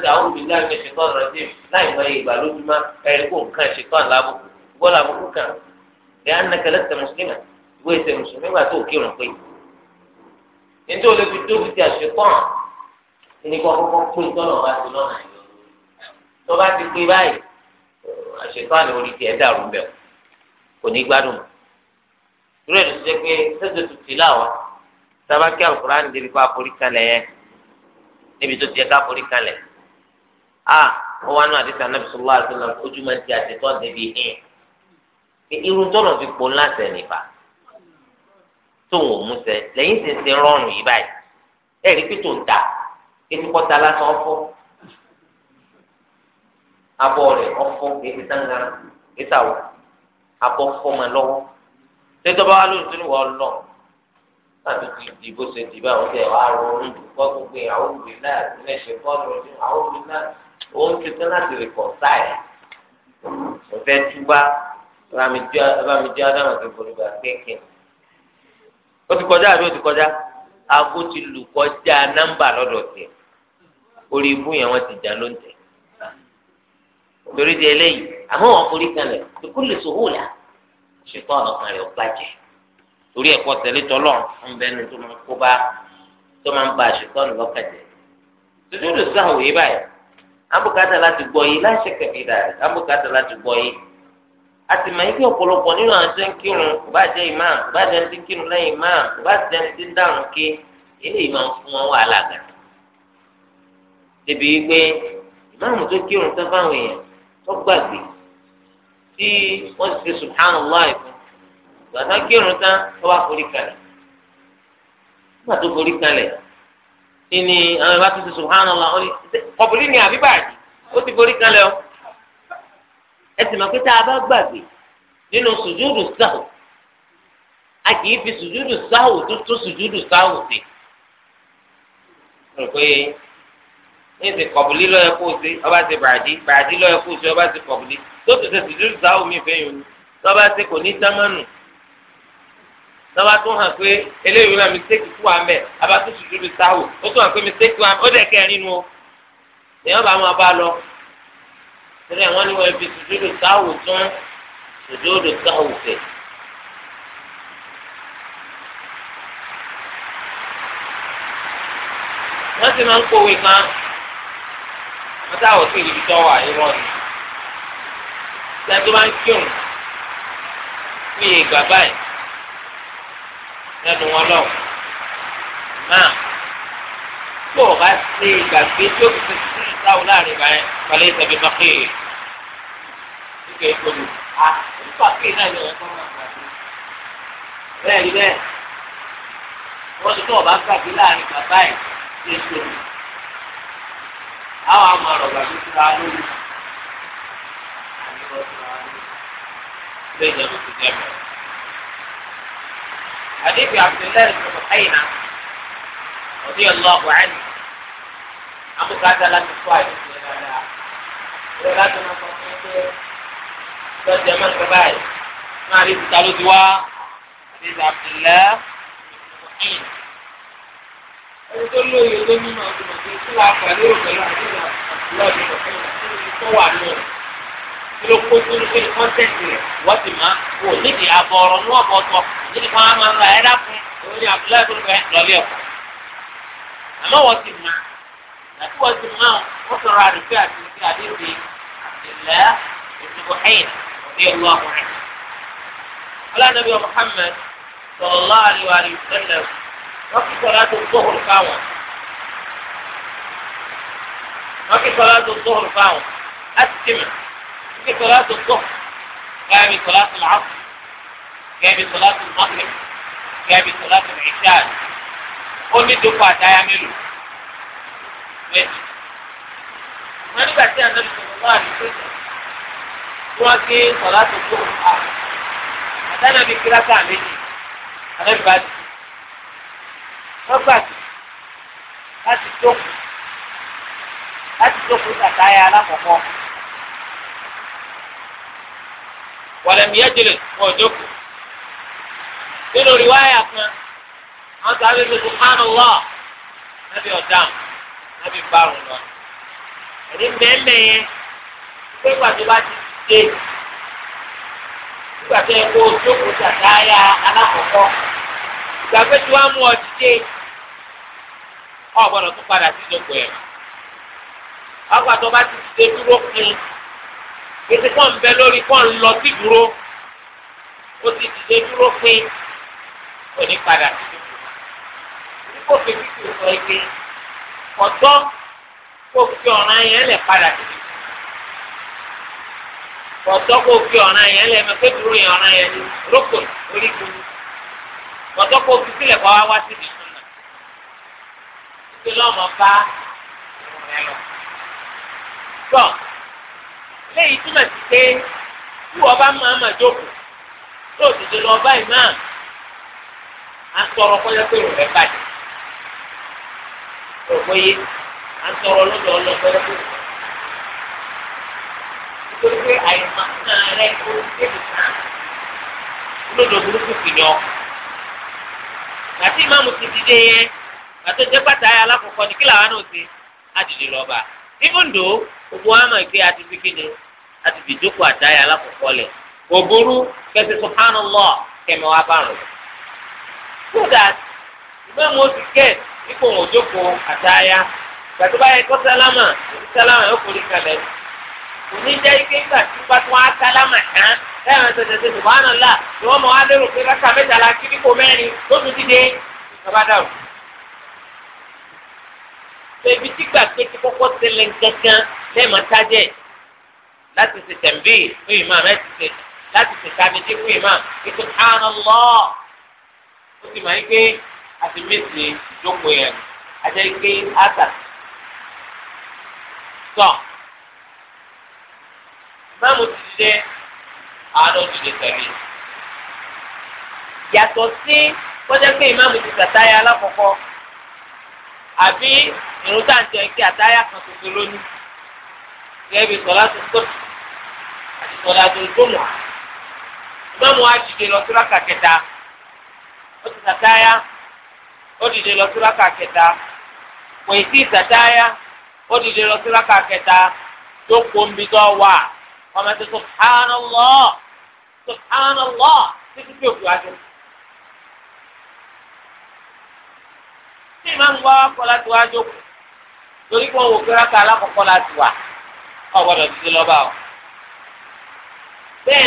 ta láì mọ ìgbà kó nǹkan nítorí olè fi dóbi ti àṣepọ̀n nígbà kọ́kọ́ pé tọ́lọ̀ bá ti lọ́nà yìí tó bá ti pé báyìí àṣepọ̀n ni orí ti ẹ̀ dàrú bẹ̀ kò ní gbádùn rẹ̀ ló ṣe pé ṣẹ́jọ́ tó ti láwa sábàkí àkùrán níbi pa forí kalẹ̀ yẹn níbi tó ti ẹ̀ká forí kalẹ̀ a wọ́n wá nù àdìsá náà bisalòlá àti lọ́nà ojúmọ́ ti àṣetọ́ débi hìn irun tọ́lọ̀ fi pò ńlá sẹ̀ nípa tóun ò mú ṣẹ lẹ́yìn tí ń ṣe rọrùn yìí báyìí ẹ rí pító ń ta etíkọta lásán ọfọ abọ rẹ ọfọ ètí sangara ètàwọ abọ fọmọ lọ́wọ́ tẹtọba wa lóòótọ́ ni wọn lọ láti ti di bó ṣe di báwọn ṣe wàá ronú dùkọ gbogbo àwọn òbí náà ilé ṣe bọ́ọ̀lù ọdún àwọn òbí náà òun ti tán láti rè pọ̀ sáyà òfẹ́ túbá bàmídìí adámọ̀ tó forí gbà pé ó ti kọjá àbí ó ti kọjá aago ti lù kọjá nọ́mbà lọ́dọ̀ tẹ̀ orí ibú yẹn wọ́n ti já ló ń tẹ̀ torí di eléyìí àmọ́ wọn forí kalẹ̀ kúkú lè sòwò là ṣètò ọ̀kan rẹ̀ bàjẹ́ torí ẹ̀kọ́ tẹ̀lé tọ́lọ̀ ń bẹnu tó máa kó bá tó máa ń ba ṣètò ọ̀nà tuntun lè sáwòye báyìí àbùkátà láti gbọ́ yìí láṣẹ kẹfì dáa àbùkátà láti gbọ́ yìí àti mọ̀ ike ọ̀pọ̀lọpọ̀ nínú àwọn tó ń kírun bá jẹ́ imam bá jẹ́ ẹni tí kírun lẹ́yìn imam bá jẹ́ ẹni tí ń dàrún ké eléyìí máa ń fún wọn wàhálà gan. débi wípé ìmáàmù tó kírun tó fáwọn èèyàn tó gbàgbé tí wọ́n ti ṣe subhanallah ìfún gbàtà kírun tán tó wá forí kalẹ̀ nígbà tó forí kalẹ̀ ní ni àwọn ìbá tó ṣe subhanallah kọ̀bùlí ni àbí bàjẹ́ ó ti forí kalẹ̀ o ẹsì máa pé tá a bá gbàgbé nínú sùjúdù sáhù a kì í fi sùjúdù sáhù tó tó sùjúdù sáhù sí nǹkan yẹn ní ti kọ̀bùlí lọ́yẹ kó o ṣe ọba ti bàdí bàdí lọ́yẹ kó o ṣe ọba ti kọ̀bùlí tó tó ṣe sùjúdù sáhù mi fẹ́ yòó tọ́ba ṣe kò ní sámánù tọ́ba tó hàn pé eléyìí náà mistake kú wa mẹ́ abá tó sùjúdù sáhù ó tó hàn pé mistake wa ó dẹ̀ kẹ́rin nu o èèyàn bá máa bá lọ torí àwọn ni wọ́n fi sùdúdù sáwù tún sùdúdù sáwù fẹ̀. wọ́n ti máa ń kówé kan wọ́n sáwọ́ sí ibi tó wà irọ́ ni. sẹ́ńtú máa ń kíùn fún iye ìgbà báyìí lẹ́nu wọn lọ́wọ́ tó o bá ṣe ìgbàgbé tí o fi ṣe sí ìsáwò láàrin ìgbà yẹn pẹ̀lú ìtẹ̀bí mọ́kì. Ìgbà ìgbòlù a nípa kí náà ni ọ̀rẹ́ kọ́ máa gbàgbé. Bẹ́ẹ̀ ni bẹ́ẹ̀, wọ́n ti tó o bá gbàgbé láàrin bàbá ẹ̀ ṣe é ṣòro. Àwọn àmọ̀ gbàgbé ti ra lórí. Àdébí Abdullahi Sọ̀rọ̀ Ẹ̀yìnà ọdí ọlọ ọgbà ẹni amúkàtà láti kó àìsí ẹ dáadáa ìrẹ láti máa sọ fún ẹgbẹ lọsẹ máa ń sọ báyìí máa rí ìta ló ti wá àti ìdàpìlẹ ìmọ̀kìn ẹni tó lóye ló ní máa tó máa tó tó wà pẹ̀lú òpèlú àti ìdàpìlẹ ọdún ìmọ̀kìn tó wà nù kí ló kó tó lóye kọ́ńtẹ́ǹtì rẹ̀ wọ́n ti máa wò nídìí àbọ̀ ọ̀rọ̀ ní ọ̀bọ̀ ọ̀tọ̀ nídìí kan á máa ń ra ẹ̀dá fún orí àbúlé ẹ̀dùn rẹ̀ lọ́lẹ́ ẹ̀kọ́. àmọ́ wọ́n ti mọ̀ àti wọ́n ti mọ̀ wọ́n ra àdìsí àti ìdí àdìsí àtìlẹ́ ìdìbò ẹ̀yìn ní ìlú àkùnrin. ọlọ́nàbí Muhammad sọ̀rọ̀ láàrin wa sallam wọ́n kí sọ̀rọ̀ àti òṣòwò fáwọn. wọ́n kí sọ̀rọ̀ àti òṣòwò fáwọn láti tìmọ̀ wọ́n kí sọ̀rọ̀ àti òṣòwò gẹ́gẹ́ bí sọ̀rọ̀ àti màá gẹ́gẹ́ bí sọ̀rọ̀ àti mọ́kì gẹ́gẹ́ bí sọ̀rọ̀ àti ìṣáàdì. ó ní dókò àdáyà mélòó méjì wọn nígbà tí ànábì sọ̀rọ̀ náà ní pẹ̀lú tí wọ́n gé sọ̀rọ̀ tó kó a àdáyà bíi kíláàsì àméjì ànábì bá ti wọ́n gbà tí láti dókò láti dókò àdáyà alákọ̀ọ́kọ́ wọ̀lẹ̀mìyẹ́jìlẹ̀ wọ́n dókò nínú rìwáyà kan àwọn tó abẹ́ gbogbo kánú wọ̀ lábẹ́ ọ̀dà lábẹ́ bárùn lọ. ẹ̀rí mẹ́mẹ́ yẹn pé pàtó bá ti dé nígbà tó yẹ kó o jókòó tàtáyà alákọ̀ọ́kọ́ ìgbà pé tí wọ́n mú ọ ti dé ọ̀ gbọ́dọ̀ tó padà sí ìjókòó yẹn. ọgbà tó bá ti dé dúró kún ètò kọ́ ń bẹ lórí kọ́ ń lọ sí dúró ó ti dìde dúró pé kò padà sí kó fi títí sọ ike ọ̀tọ̀ kó fi ọ̀ràn yẹn lẹ̀ padà sí ọ̀tọ̀ kó fi ọ̀ràn yẹn lẹ̀ mẹ́fẹ́ dúró yẹn ọ̀ràn yẹn lóko orígun ọ̀tọ̀ kó fi sílẹ̀ kọ́ wá wá síbi ìsúná títí lọ́mọ bá ìrùn rẹ lọ. tọ́ léyìí túmọ̀ sí pé tí wọ́n bá máa máa jókòó tó o tètè lọ bá ìmáà á sọ̀rọ̀ pé ìrùn bàjẹ́. òpóyé àtọrọ lọ́dọ̀ ọlọ́pẹ́rẹ́ kò nítorí pé àìmọ̀ náà rẹ kó débi kan lọ́dọ̀ burúkú sì àti ìmáàmù ti dìde yẹn àti ọjọ́ pàtà ayé alákọ̀ọ́kọ́ ni kí làwa náà àdìdì gbogbo kíni jókòó ayé kẹsì bá rùn. kódà ìmáàmù ti ipò òun òjókòó àtàyà gbàtú báyẹn kó sálámà sálámà yóò forí kalẹ̀ òní jẹ́ ike ńgbà tí wọ́n á sálámà tán lẹ́yìn tó tẹ̀sẹ̀ tó bá ni wọ́n mọ̀ á lérò pé káka mẹ́ta la kí kíkó mẹ́rin tó tún ti dé bàbá dàrú. ṣèbí tí gbàgbé ti kọ́kọ́ tẹ̀lé kankan lẹ́ẹ̀mọ́ tájẹ̀ láti ṣe tẹ̀m̀bì fún ìmáà mẹ́ ti ṣe láti ṣe tàbí dé fún ìmáà ètò àrùn lọ́ọ̀ àti mísì ìjókòó yẹn àti pé àtà tọ̀ mẹ́mu ti ṣe àádọ́ dìde tẹ̀lé yàtọ̀ sí kọjá pé ìmáàmù ti sàtáyà alákọ̀ọ́kọ́ àbí irun tá à ń tẹ̀ kí àtáyà kan tuntun lónìí gẹ́gẹ́ bí sọlá tó sọ́tù àti sọlá tó dùnmọ̀ ìmáàmù wa dìde lọ sí rákà kẹta ó ti sàtáyà. ó dìde lọ sí rákà kẹta kò sí ìtàtáyà ó lọ sí rákà kẹta jókòó ń tó wà ọmọ ti subhanallah subhanallah títí tí òkú adé. ń láti wá jókòó torí pé alákọ̀ọ́kọ́ láti wà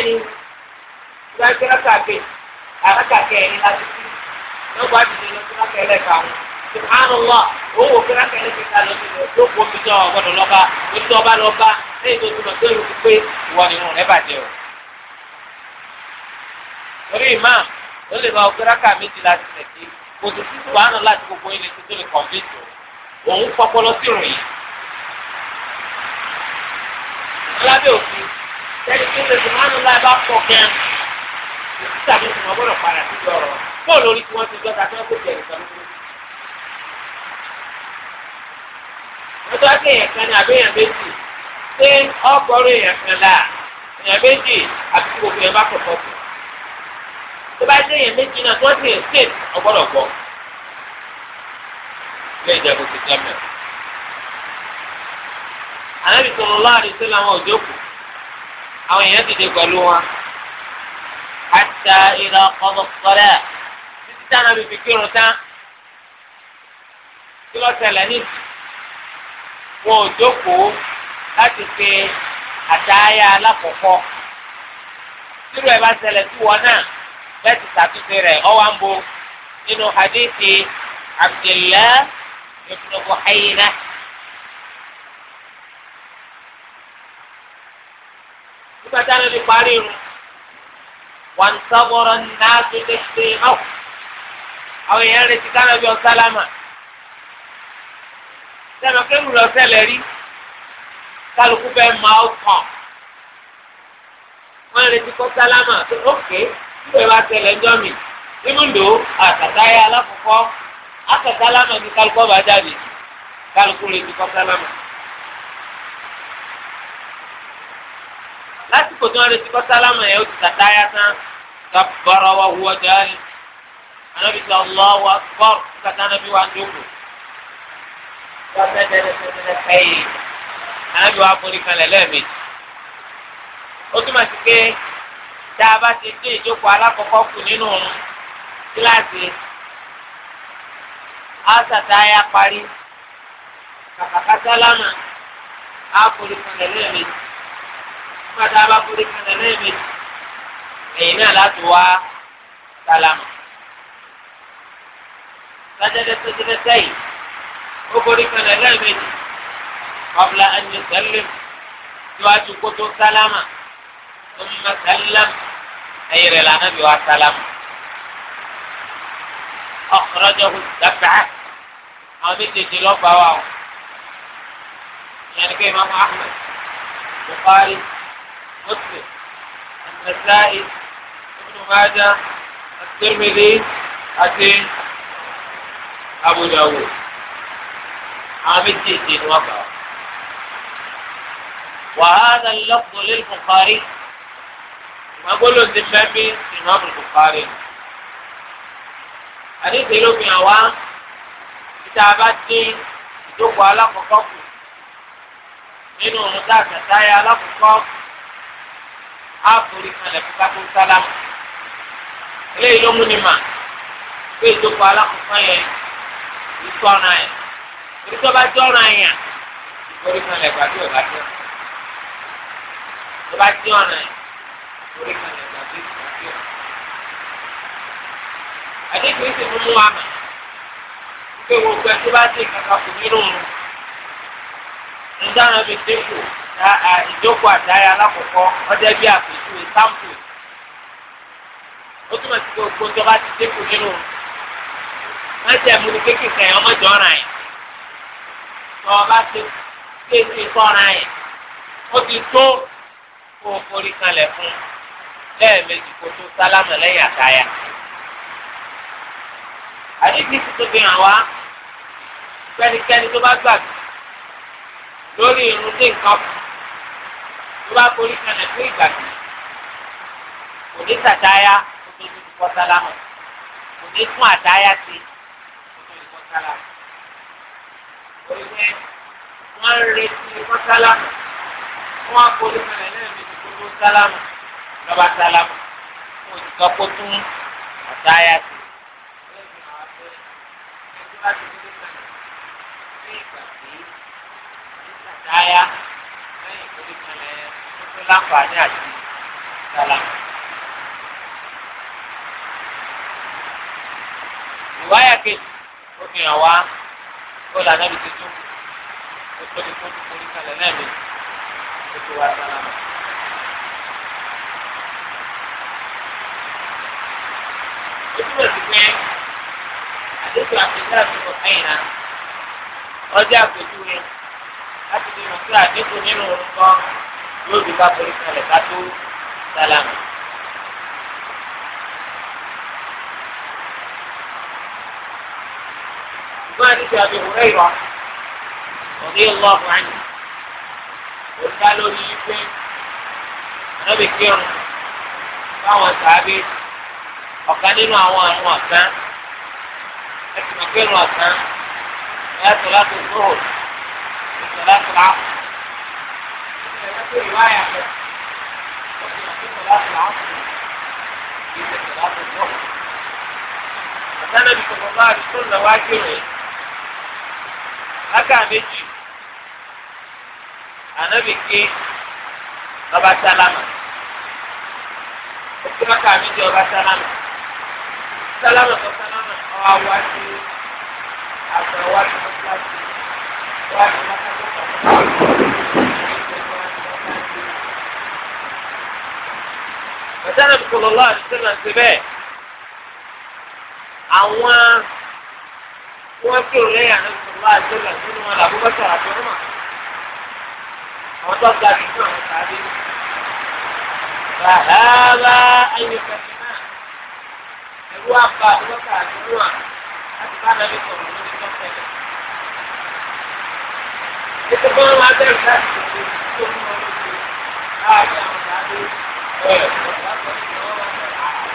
ni ìgbà ẹni láti yóò wá dìde lọ sí lákẹ́ ẹlẹ́ka wọn subhanallah owó wò pé lákẹ́ ẹlẹ́ka lọ sí lọ yóò wọ́n fi tọ́ ọgbọ́dọ̀ lọ́ba ojú ọba lọ́ba lẹ́yìn tó tún lọ sí olùkú pé ìwọ nínú rẹ bàjẹ́ o. torí imam ó lè máa gbé rákà méjì láti tẹ̀sí kò sì sí subhanallah àti gbogbo ilé tuntun lè kàn fèsì o òun fọpọlọ sí ìròyìn. lábẹ́ òfin sẹ́ni subhanallah bá pọ̀ kẹ́ pọ̀ lórí tí wọ́n ti jọ́ta tí wọ́n kò jẹ́ ìsọ̀rọ̀ lórí. wọ́n tọ́ sí kan ní àbẹ́yàn méjì ṣé ọgọ́rùn èèyàn kan là èèyàn méjì àti gbogbo èèyàn bá kọ̀kọ́ kù. tó bá dé èèyàn méjì náà tí wọ́n ti ń ṣe ọgbọ́dọ̀ gbọ́. ilé ìjẹun ti jẹ́ mẹ́rin. àlẹ́ ìsọ̀rọ̀ láàrin sí làwọn òjò kù àwọn èèyàn dìde pẹ̀lú wọn. dáná bíbí kírun tán kí ló ṣẹlẹ̀ ní wọn ò jókòó láti pe àtàyà alákọ̀ọ́kọ́ tírú ẹ̀ bá ṣẹlẹ̀ sí wọn náà láti ṣàtúnṣe rẹ̀ ọwọ́ ń bo nínú hadithi Abdullah ibn Buhayna. nígbà táwọn ti parí irun wọn ń sọ́kọ̀rọ̀ náà tó lè ṣe náà àwọn èèyàn retí kánábí ọ sálámà sẹ́nu kẹ́rù lọ sẹ́lẹ̀ rí kálukú bẹ́ẹ̀ máa kàn wọ́n retí kọ́ sálámà tó ókè nígbà bá sẹlẹ̀ ńjọ́ mi níbùdó àtàtàyà alákọ̀ọ́kọ́ àtàtàlámà ní kálukú ọba jáde kálukú retí kọ́ sálámà. lásìkò tí wọ́n retí kọ́ sálámà yẹn ó ti tàtàyà tán kàbọ̀rọ̀ wọ̀ wọ́ jáde anabi sọ Allahu akbar kata anabi wa ndóko tẹtẹtẹtẹtẹtẹyì anabi wa forí kalẹ̀ lẹ́ẹ̀mejì ó túmọ̀ sí pé tá a bá ti dé ìjókòó alákọ̀ọ́kọ́ kù nínú kíláàsì asàtáyà parí kàkàkà sálámà á forí kalẹ̀ lẹ́ẹ̀mejì nígbà tá bá forí kalẹ̀ lẹ́ẹ̀mejì ẹ̀yìn náà láti wá sálámà. سجد سجدتين وبرك للمجد قبل أن يسلم سواج كتو سلاما ثم سلم أي رلانا بوا أخرجه السبعة عمد جلوب بواو يعني كإمام أحمد بخاري مسلم النسائي ابن ماجه الترمذي أتي Abu Dawud àwọn méjèèjì ni wọ́n gbà wá. وهذا اللفظ للبخاري نقول الذمامي إمام البخاري حديث له في أوان كتاباتي يدوك على فقط منه مدى كتايا على فقط أفضل كان لفقات السلام إليه يوم نما في يدوك على فقط ìtọ́ ọ̀ràn yẹn torí tó bá jẹ́ ọ̀ràn yẹn orí kan lẹ̀ gbàgbé ọ̀gá jẹ́ tó bá jẹ́ ọ̀ràn yẹn orí kan lẹ̀ gbàgbé ọ̀gá jẹ́ àdéhùn ìsìn mú wa mà pé gbogbo ẹ tó bá dé kàkà kò nínú mu ǹdáná mi dínkù ìjókòó àdáyé alákọ̀ọ́kọ́ ọjọ́ bí àpèjúwe sáǹpù ó túmọ̀ sí gbogbo tó bá ti dínkù nínú mu láti ẹ̀mú ni kékeré yẹn ọmọdé ọ̀ràn yẹn tọ́ ọba ti kéèké kọ́ra yẹn ó ti tó kó o forí fún lẹ́ẹ̀mejì kó tó sálámù lẹ́yìn àtàyà. àdéhùn ti tóbi hàn wá pẹ́nikẹ́ni tó bá gbà lórí irun dé nǹkan tó bá forí kalẹ̀ fún ìgbà kò ní sàtáyà kó tó tó kọ́ sálámù kò ní fún àtàyà sí i mọ́sálà. Oríṣi wọ́n ń retí mọ́sálà. Wọ́n á kó lóko rẹ̀ náà méjì tó tó sálámù lọ́ba sálámù. Wọ́n ti sọ kó tún àtàyà sí. Aya lẹ́yìn ìkórè kan lẹ́yìn tó tún láǹfààní àti sálámù. ìwáyà kejì ó fi hàn wá ó là nábì tuntun ó tó ní kótó forí kalẹ̀ náà mi ó tó wá sálámà. ó túbọ̀ sí pé àdéhùn àpèjá àtúntò ẹ̀yìn náà ọjọ́ àpèjúwe láti fi hàn pé àdéhùn nínú orúkọ yóò di bá forí kalẹ̀ ká tó sálámà. مالك ابي هريره رضي الله عنه وقالوا لي يمكن انا بكير فهو صحابي وقال لنا هو هو كان اسم كير هو كان هي ثلاث الظهر وثلاث العصر في رواية ثلاث العصر في ثلاث الظهر فكان بكفرات كل واجبين aka méjì anabi ké ọba sálámà òkè aka méjì ọba sálámà sálámà tó sálámà ọba wá sí àgbà wá sí mọ́tíláṣí wá sí mọ́tíláṣí. Bàtàna bìkọ̀lọ̀ lọ́wọ́ àti sẹ́nà ti bẹ́ẹ̀. Àwọn wọ́n kúrò lẹ́yìn àná máa jẹ́ lọ́sí ní wọn làbúkọ́ sọ̀rọ̀ àti ọmọ. àwọn tó ga jù fún àwọn sáré. bàbá ayé kẹsì náà ẹ̀rú àpá àbúkọ́ sọ̀rọ̀ àti ọmọ láti bá nàbí sọ̀rọ̀ lórí tó tẹ̀lé. ètò bọ́ wọn máa bẹ̀rẹ̀ láti ṣe tó ń lọ lóṣù láàárín àwọn sáré ẹ̀ ọ̀gá kan ní wọ́n wà ní àárọ̀.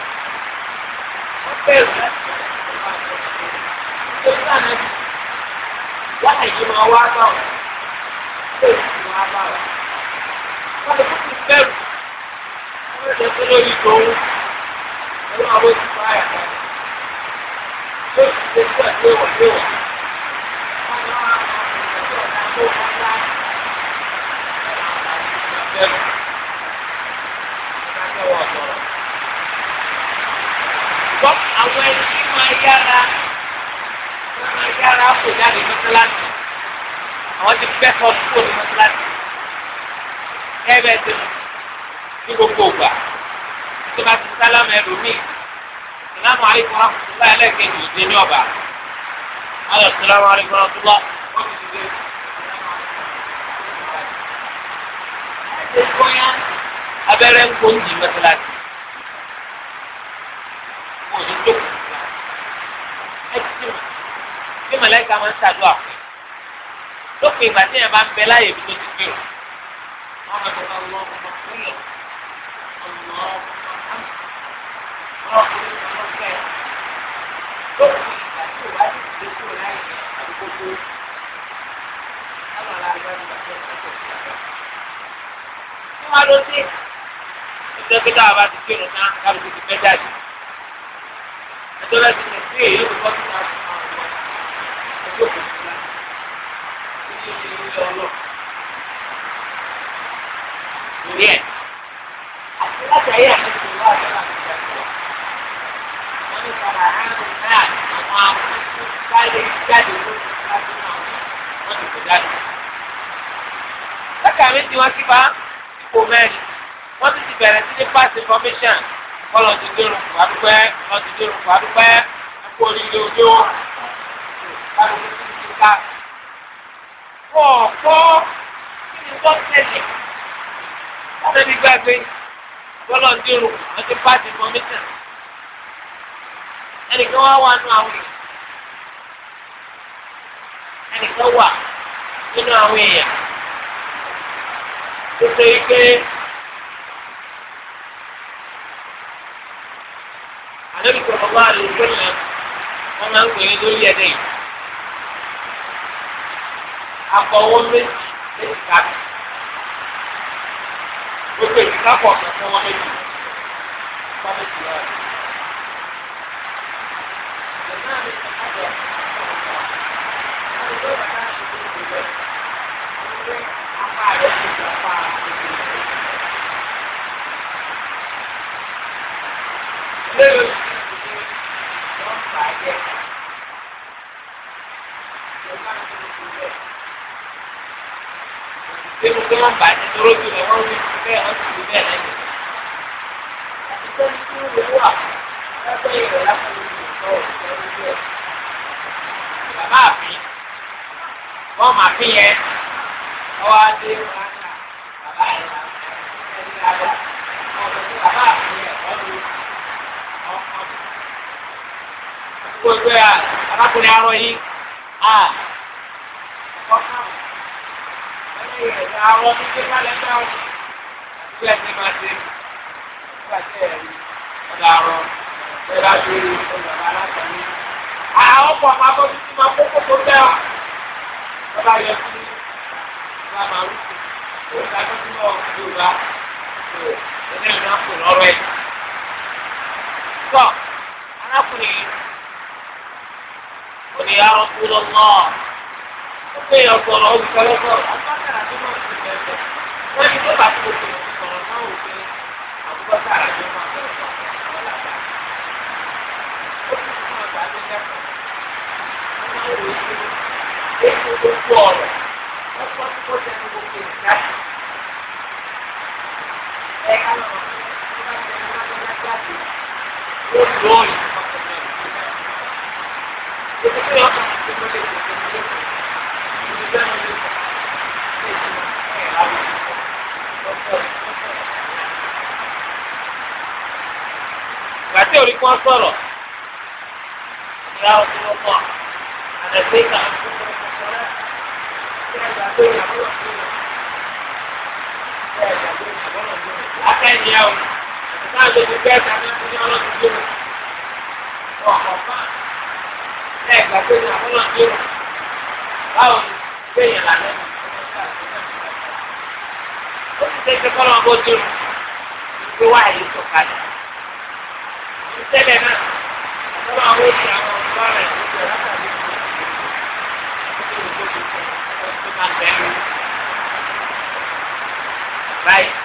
wọ́n bẹ̀rẹ̀ láti ṣe wọ́n àyè máa wá bá wọn máa bá wọn. wọ́n lè fún mi bẹ́ẹ̀rù wọ́n lè fún lórí ìgbòho pẹ̀lú àwọn oṣù báyà náà. ṣé ìṣe tí wà lé wọ̀ lé wọ̀ wọ́n lè wá àwọn ọ̀dọ́ tó wọ́n lá bẹ́ẹ̀rù. Àwọn ẹni tí máa yára máa yára kò jáde mọ́sálásì àwọn ti bẹ́ sọ kúrò ní mọ́sálásì kẹ́bẹ́ ti ní gbogbo ògbà tó bá ti sálámà ẹlòmíì sàlámù àríkùn rákùnkùn láyé lẹ́ẹ̀kejì ìdè ní ọ̀bà alọ̀ sàlámù àríkùn rákùnkùn lọ wọ́n ti ti dé. abẹ́rẹ́ ń kó ń Wọ́n ti jókòó bí màláìka máa ń ṣàdúrà fún yìí lópin ìgbà tí yẹn bá ń bẹ láàyè ibi tó ti gbé o wọn bẹ tọ́ka lọ ọmọ sílẹ̀ ọmọ ọmọ ọkùnrin ọmọ fẹ́ lópin ìgbà tí o bá ti gbé kúrò láyè àdúgbò tó lọ́wọ́ la gbá nígbà tó ń tọ́kọ̀ sí àgbà. kí wọ́n á lọ sí ìjọ pé táwa bá ti gbé o tán kálukú ti fẹ́ jáde ẹjọ́ lẹ́sìn ní sí èyí ò kọ́ sí náà jókòó sílá títí di ilé ọlọ́ lórí ẹ̀ àti láti ayé àtúntò ní ìjọba wọn ní padà àrùn náà àwọn akókó jáde ti kó jáde. lẹ́ka mi ti ti ti bẹ̀rẹ̀ sí ní pass ti dérò fún adúpẹ́ lọ́ọ́ àwọn ìlú ká ọ̀pọ̀ kí ni tó tẹ̀lé ọ̀sẹ̀ ní gbàgbé bọ́lọ̀ ń dérò wọ́n ti pàṣẹ kọ́míṣọ̀n ẹnìkan wá wà nù àwọn èèyàn ẹnìkan wà nínú àwọn èèyàn tó ṣe é pé. النبي صلى الله عليه وسلم وما هو يدل يديه akọwó méjì méjì káàdì gbogbo èyí kápọ̀ kankan wọn méjì wọn méjì wọn. Thank you. ebi pé wọn bá ti dúró jù lọ wọn wí bẹ́ẹ̀ wọn sì wí bẹ́ẹ̀ lẹ́yìn. àtijọ́ ni kí ló wà lọ́sẹ̀ ìrẹ̀ lápò lórí ìtọ́ ìtọ́ ìtọ́. bàbá àfi wọn máa fi yẹn ọwọ́ adé wọn kà bàbá yẹn ẹni lára wọn kò sí bàbá àfi yẹn ọdún àti gbogbo ẹ arákùnrin arọ yìí. Ah. ẹ̀yà àwọn ọdún tó kálẹ̀ táwọn ìgbẹ́ ti máa ṣe pàṣẹ ẹ̀rí ọ̀dà àrọ̀ ẹ̀rá ṣe ọ̀dà aláṣẹ́ni. Àwọn ọkọ̀ máa bọ́ títí máa kó kókó tẹ́ wa. Bàbá yẹ kí bá máa rú sí olùdájọ́ tí ẹ̀. Sọ arákùnrin yìí, òní arọ́kú lọ́wọ́. bẹ́ẹ̀ ọpọlọ ọpọlọpọ ọpọlọpọ wọn ní bọ́bá tó tó eu náà ò pé àbúkọ́tà àjọ máa bẹ̀rẹ̀ sọ̀rọ̀ ọ̀làdà ó sì fún ọ̀dà tó eu wọn máa wò ó ètò gbogbo ọ̀rọ̀ wọn kọ́ tó kọ́ sẹ́nu gbogbo ìjà eu ká lọ́wọ́ tó bá jẹ́ wọn lọ́wọ́ lájáde ó lóyún ọkọ̀ mẹ́rin tó bá eu wọn lọ́wọ́ gbàtí orí kan sọ̀rọ̀ akẹ́yìn yà wọ́n náà ló bẹ́ẹ̀ tàbí fún ọlọ́dún tó lọ ẹ̀ gbàtí ìgbà ọlọ́dún tó pé èèyàn lànà ó ti ṣe ṣe kọ́lọ́ bó dùn pé wà á sọ kalẹ̀ ní tẹ́lẹ̀ náà kọ́lọ́ àwọn oṣù àwọn ọ̀gá rẹ̀ ló jẹ́ látàrí ìṣòro tó ti ṣe ọ̀gá bẹ́ẹ̀ báyìí.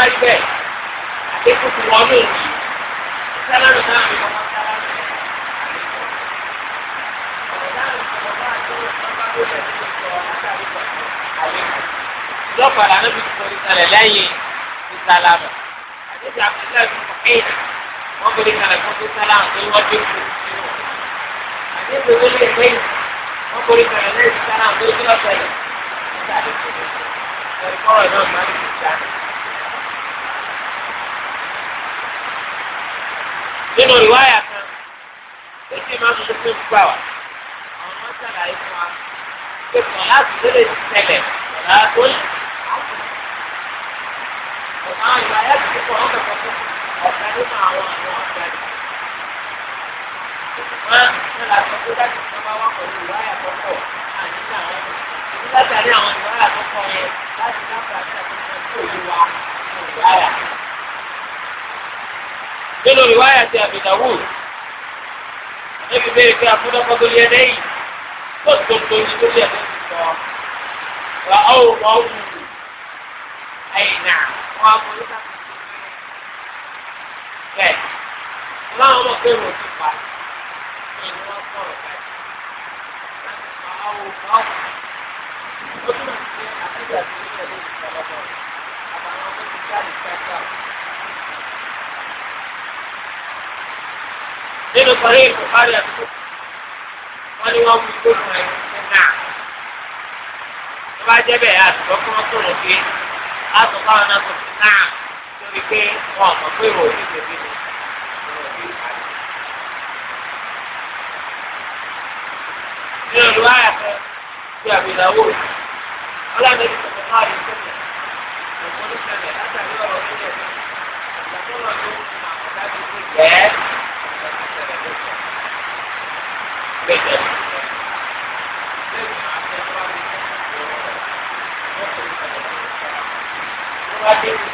bá rí bẹ́ẹ̀ àdékù fún wọn ló ń yí sálámù náà ní ọmọ sálámù lọ́pàá lànà bí kò ní sàlẹ̀ lẹ́yìn ní sálámù àdékù àkọsílẹ̀ fún kọ̀kẹ́yìn wọ́n kò ní sàlẹ̀ fún kí sálámù tó wọ́n dé kù nínú àdékù wọlé ẹgbẹ́ yìí wọ́n kò ní sàlẹ̀ lẹ́yìn sálámù tó wọ́n dé kù nínú àdékù wọlé ẹgbẹ́ yìí wọ́n kò ní sàlẹ̀ lẹ́yìn sálámù tó wọ́n dé kù nínú àdékù wọlé ẹgbẹ́ yìí wọ́n kò ní sàlẹ̀ lẹ́yìn sálámù tó wọ́n dé kù nínú àdékù wọlé ẹgbẹ́ yìí wọ́n kò ní sàlẹ̀ lẹ́yìn sálámù tó wọ́n dé kù nínú àdékù wọlé ẹgbẹ́ yìí wọ́n kò ní sàlẹ̀ lẹ́yìn sálámù tó wọ́n dé kù nínú àdékù wọlé ẹgbẹ́ yìí wọ́n kò ní sàlẹ̀ lẹ́yìn sálámù tó wọ́n dé kù nínú àdékù wọlé ẹgbẹ́ yìí wọ́n kò ní sàlẹ̀ lẹ́yìn sálámù tó wọ́n dé kù nínú àdékù wọlé ẹgbẹ́ yìí wọ́n kò ní sàlẹ̀ lẹ́yìn sálámù tó wọ́n dé kù nínú àdékù wọlé ẹgbẹ́ yìí wọ́n kò ní sàlẹ̀ lẹ́yìn sálámù nínú ìwáyà kan ètò ìmọ̀ tuntun tó gbà wá àwọn ọmọ sàlàyé fún wa pé kàn láti lélẹ̀ tẹ̀lẹ̀ ọ̀la tó ní ọ̀la ìwáyà tó kọ̀ ọ́ kẹ̀kọ́ fún ọ̀gá nínú àwọn àwọn ọ̀gá rẹ̀. Ìgbìmọ̀ náà la sọ pé láti sọ bá wà pẹ̀lú ìwáyà tó kọ̀ àti àwọn ìlú látàrí àwọn ìwáyà tó kọ̀ yẹn láti dábàá ní àtúntò ìwà ìwáyà nínú ìwáyà ti àbìdáwò ẹbí bẹ́ẹ̀ pé àfúnnáfọ́tò yẹ lẹ́yìn tó tó tó ní tó yẹ lẹ́yìn sọ wà á ò wà ó wù àyìnà wọn á mọ nípa bẹ́ẹ̀ láwọn ọmọ pé wọn ti pa ìlú wọn sọ̀rọ̀ báyìí láti pa á ò wà ó wù ó túnbọ̀ sí àbúrò àti ìlú ẹ̀dẹ́ ìjọba bọ̀ àbàwọn ọmọ tó ti jáde sáà nínú sọ̀rọ̀ ìlú kárí àdúgbò wọ́n ní wọ́n mú gbóòórùn rẹ̀ ní náà. tó bá jẹ́ bẹ́ẹ̀ àtúbọ̀ kí wọ́n tóòrùn pé látọ̀ báwọn náà tó fi náà lórí pé wọn ò mọ̀ pé ìròyìn ìgbèbí ni ìròyìn ìgbàlè. nínú ìlú ayà kan bí àbíláwò ọlọ́dẹ ti sọ̀rọ̀ náà lè sọ̀rọ̀ òṣèlú sẹlẹ̀ látàrí ọ̀rọ̀ nílẹ̀ ìgbà tó lọ lóhùn àkọ́dájú pé bẹ́ẹ̀. Thank you.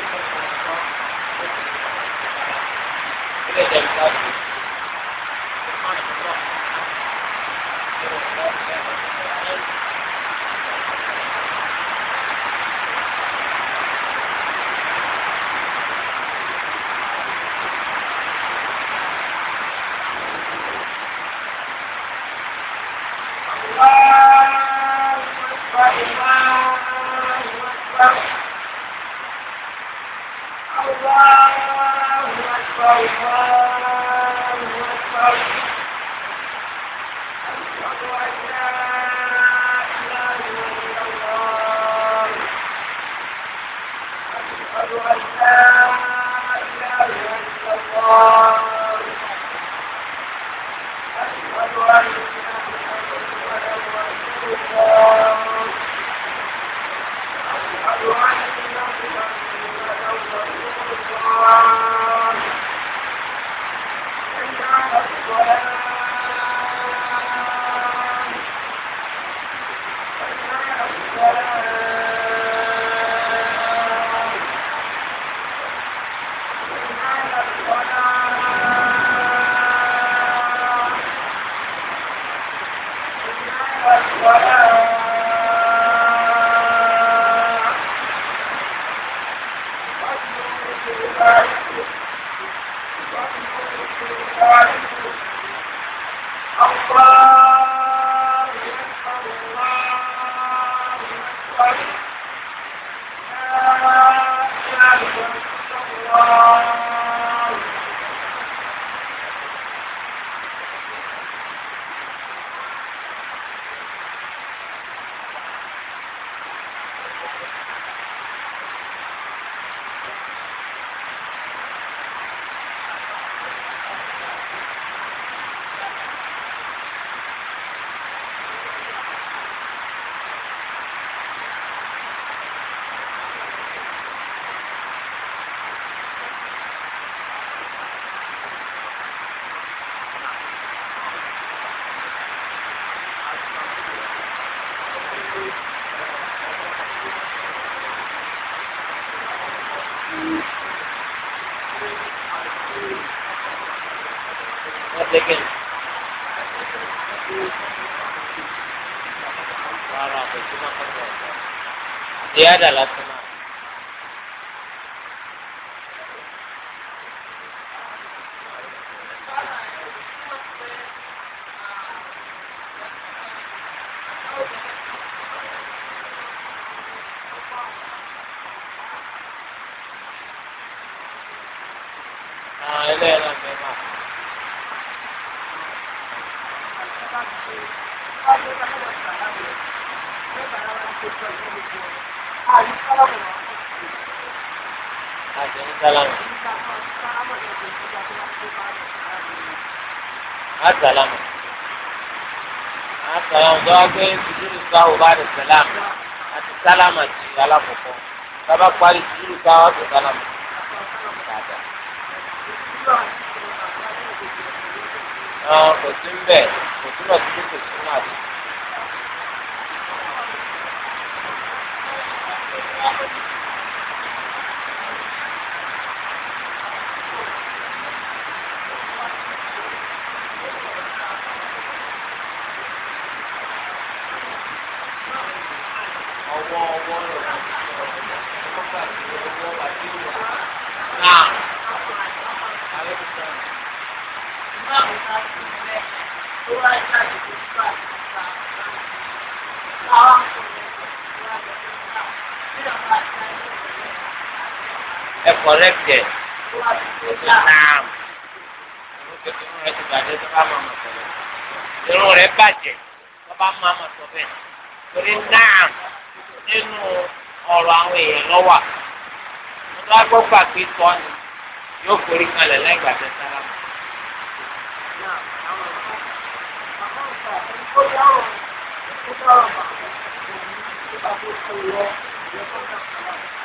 dia adalah sálámù. á sálámù. á sálámù tó wá pé sùdúrù sáwò bá lè sálámù àti sálámù àti alákọ̀ọ́kọ́ correct ẹ̀. naam irun rẹ̀ bàjẹ́ tó bá máa ma sọ bẹ́ẹ̀ torí naam nínú ọ̀rọ̀ àwọn èèyàn lọ́wọ́ àti agbọ́gbà pé sọ ni yóò forí kalẹ̀ lẹ́gbàá tẹ sára mọ́. Thank you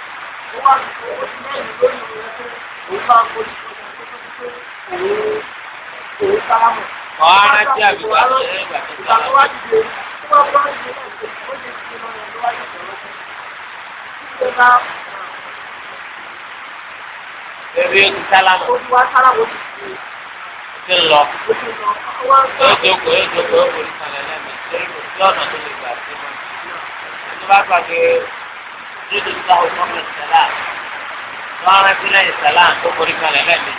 ọ̀hánà tí a fi wá tó sọ̀rọ̀. Bébí o ti sálámù. O ti lọ. Yóò jókòó yóò jókòó yóò forí kalẹ̀ lẹ́mìí. Torí tó lè gbà sí mọ́. Ẹni bá gbàgbé yóò tó ti sáwọ́ sọ́mọ́ ìsàlá lọ́wọ́ arábìnrin ìsàlá tó forí kan lẹ́lẹ́mìí.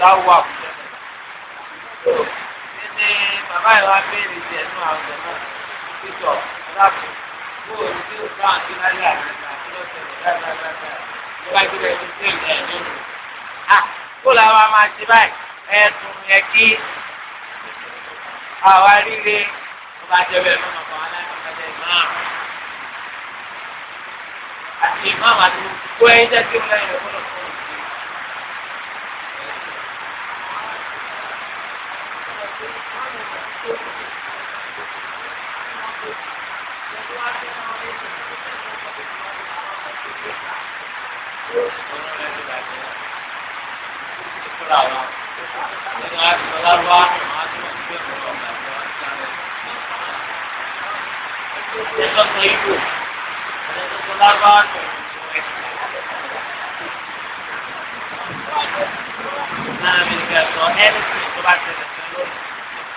láwọ àbújá náà. ní bàbá ìwà béèrè ti ẹnu àwùjọ náà títọ̀ lápò kó o ti bá àti láyé àgbẹ̀ta àti lọ́sẹ̀ dáadáa nígbà tí wọ́n ti ṣe ìlẹ̀ ẹ̀ lónìí. à kó làwọn máa ṣe báyìí ẹ̀sùn yẹn kí àwa ríre ọba jẹ́bẹ̀ lọ́nà kan aláìsàn àti ìmáàmù àti gbogbo ẹ̀yìn jẹ́ kí wọ́n lẹ́yìn ọ̀pọ̀lọpọ̀. Nada, me digas, no, él es el que va a ser el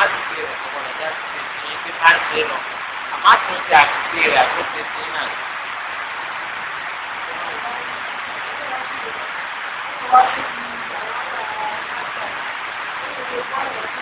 àmásìkè rẹ̀ ọ̀gbọ̀n ẹ̀dá ti ti ti bá ń ṣe lọ àmásìkè àtúnṣe rẹ̀ àtúnṣe sí náà. Thank you.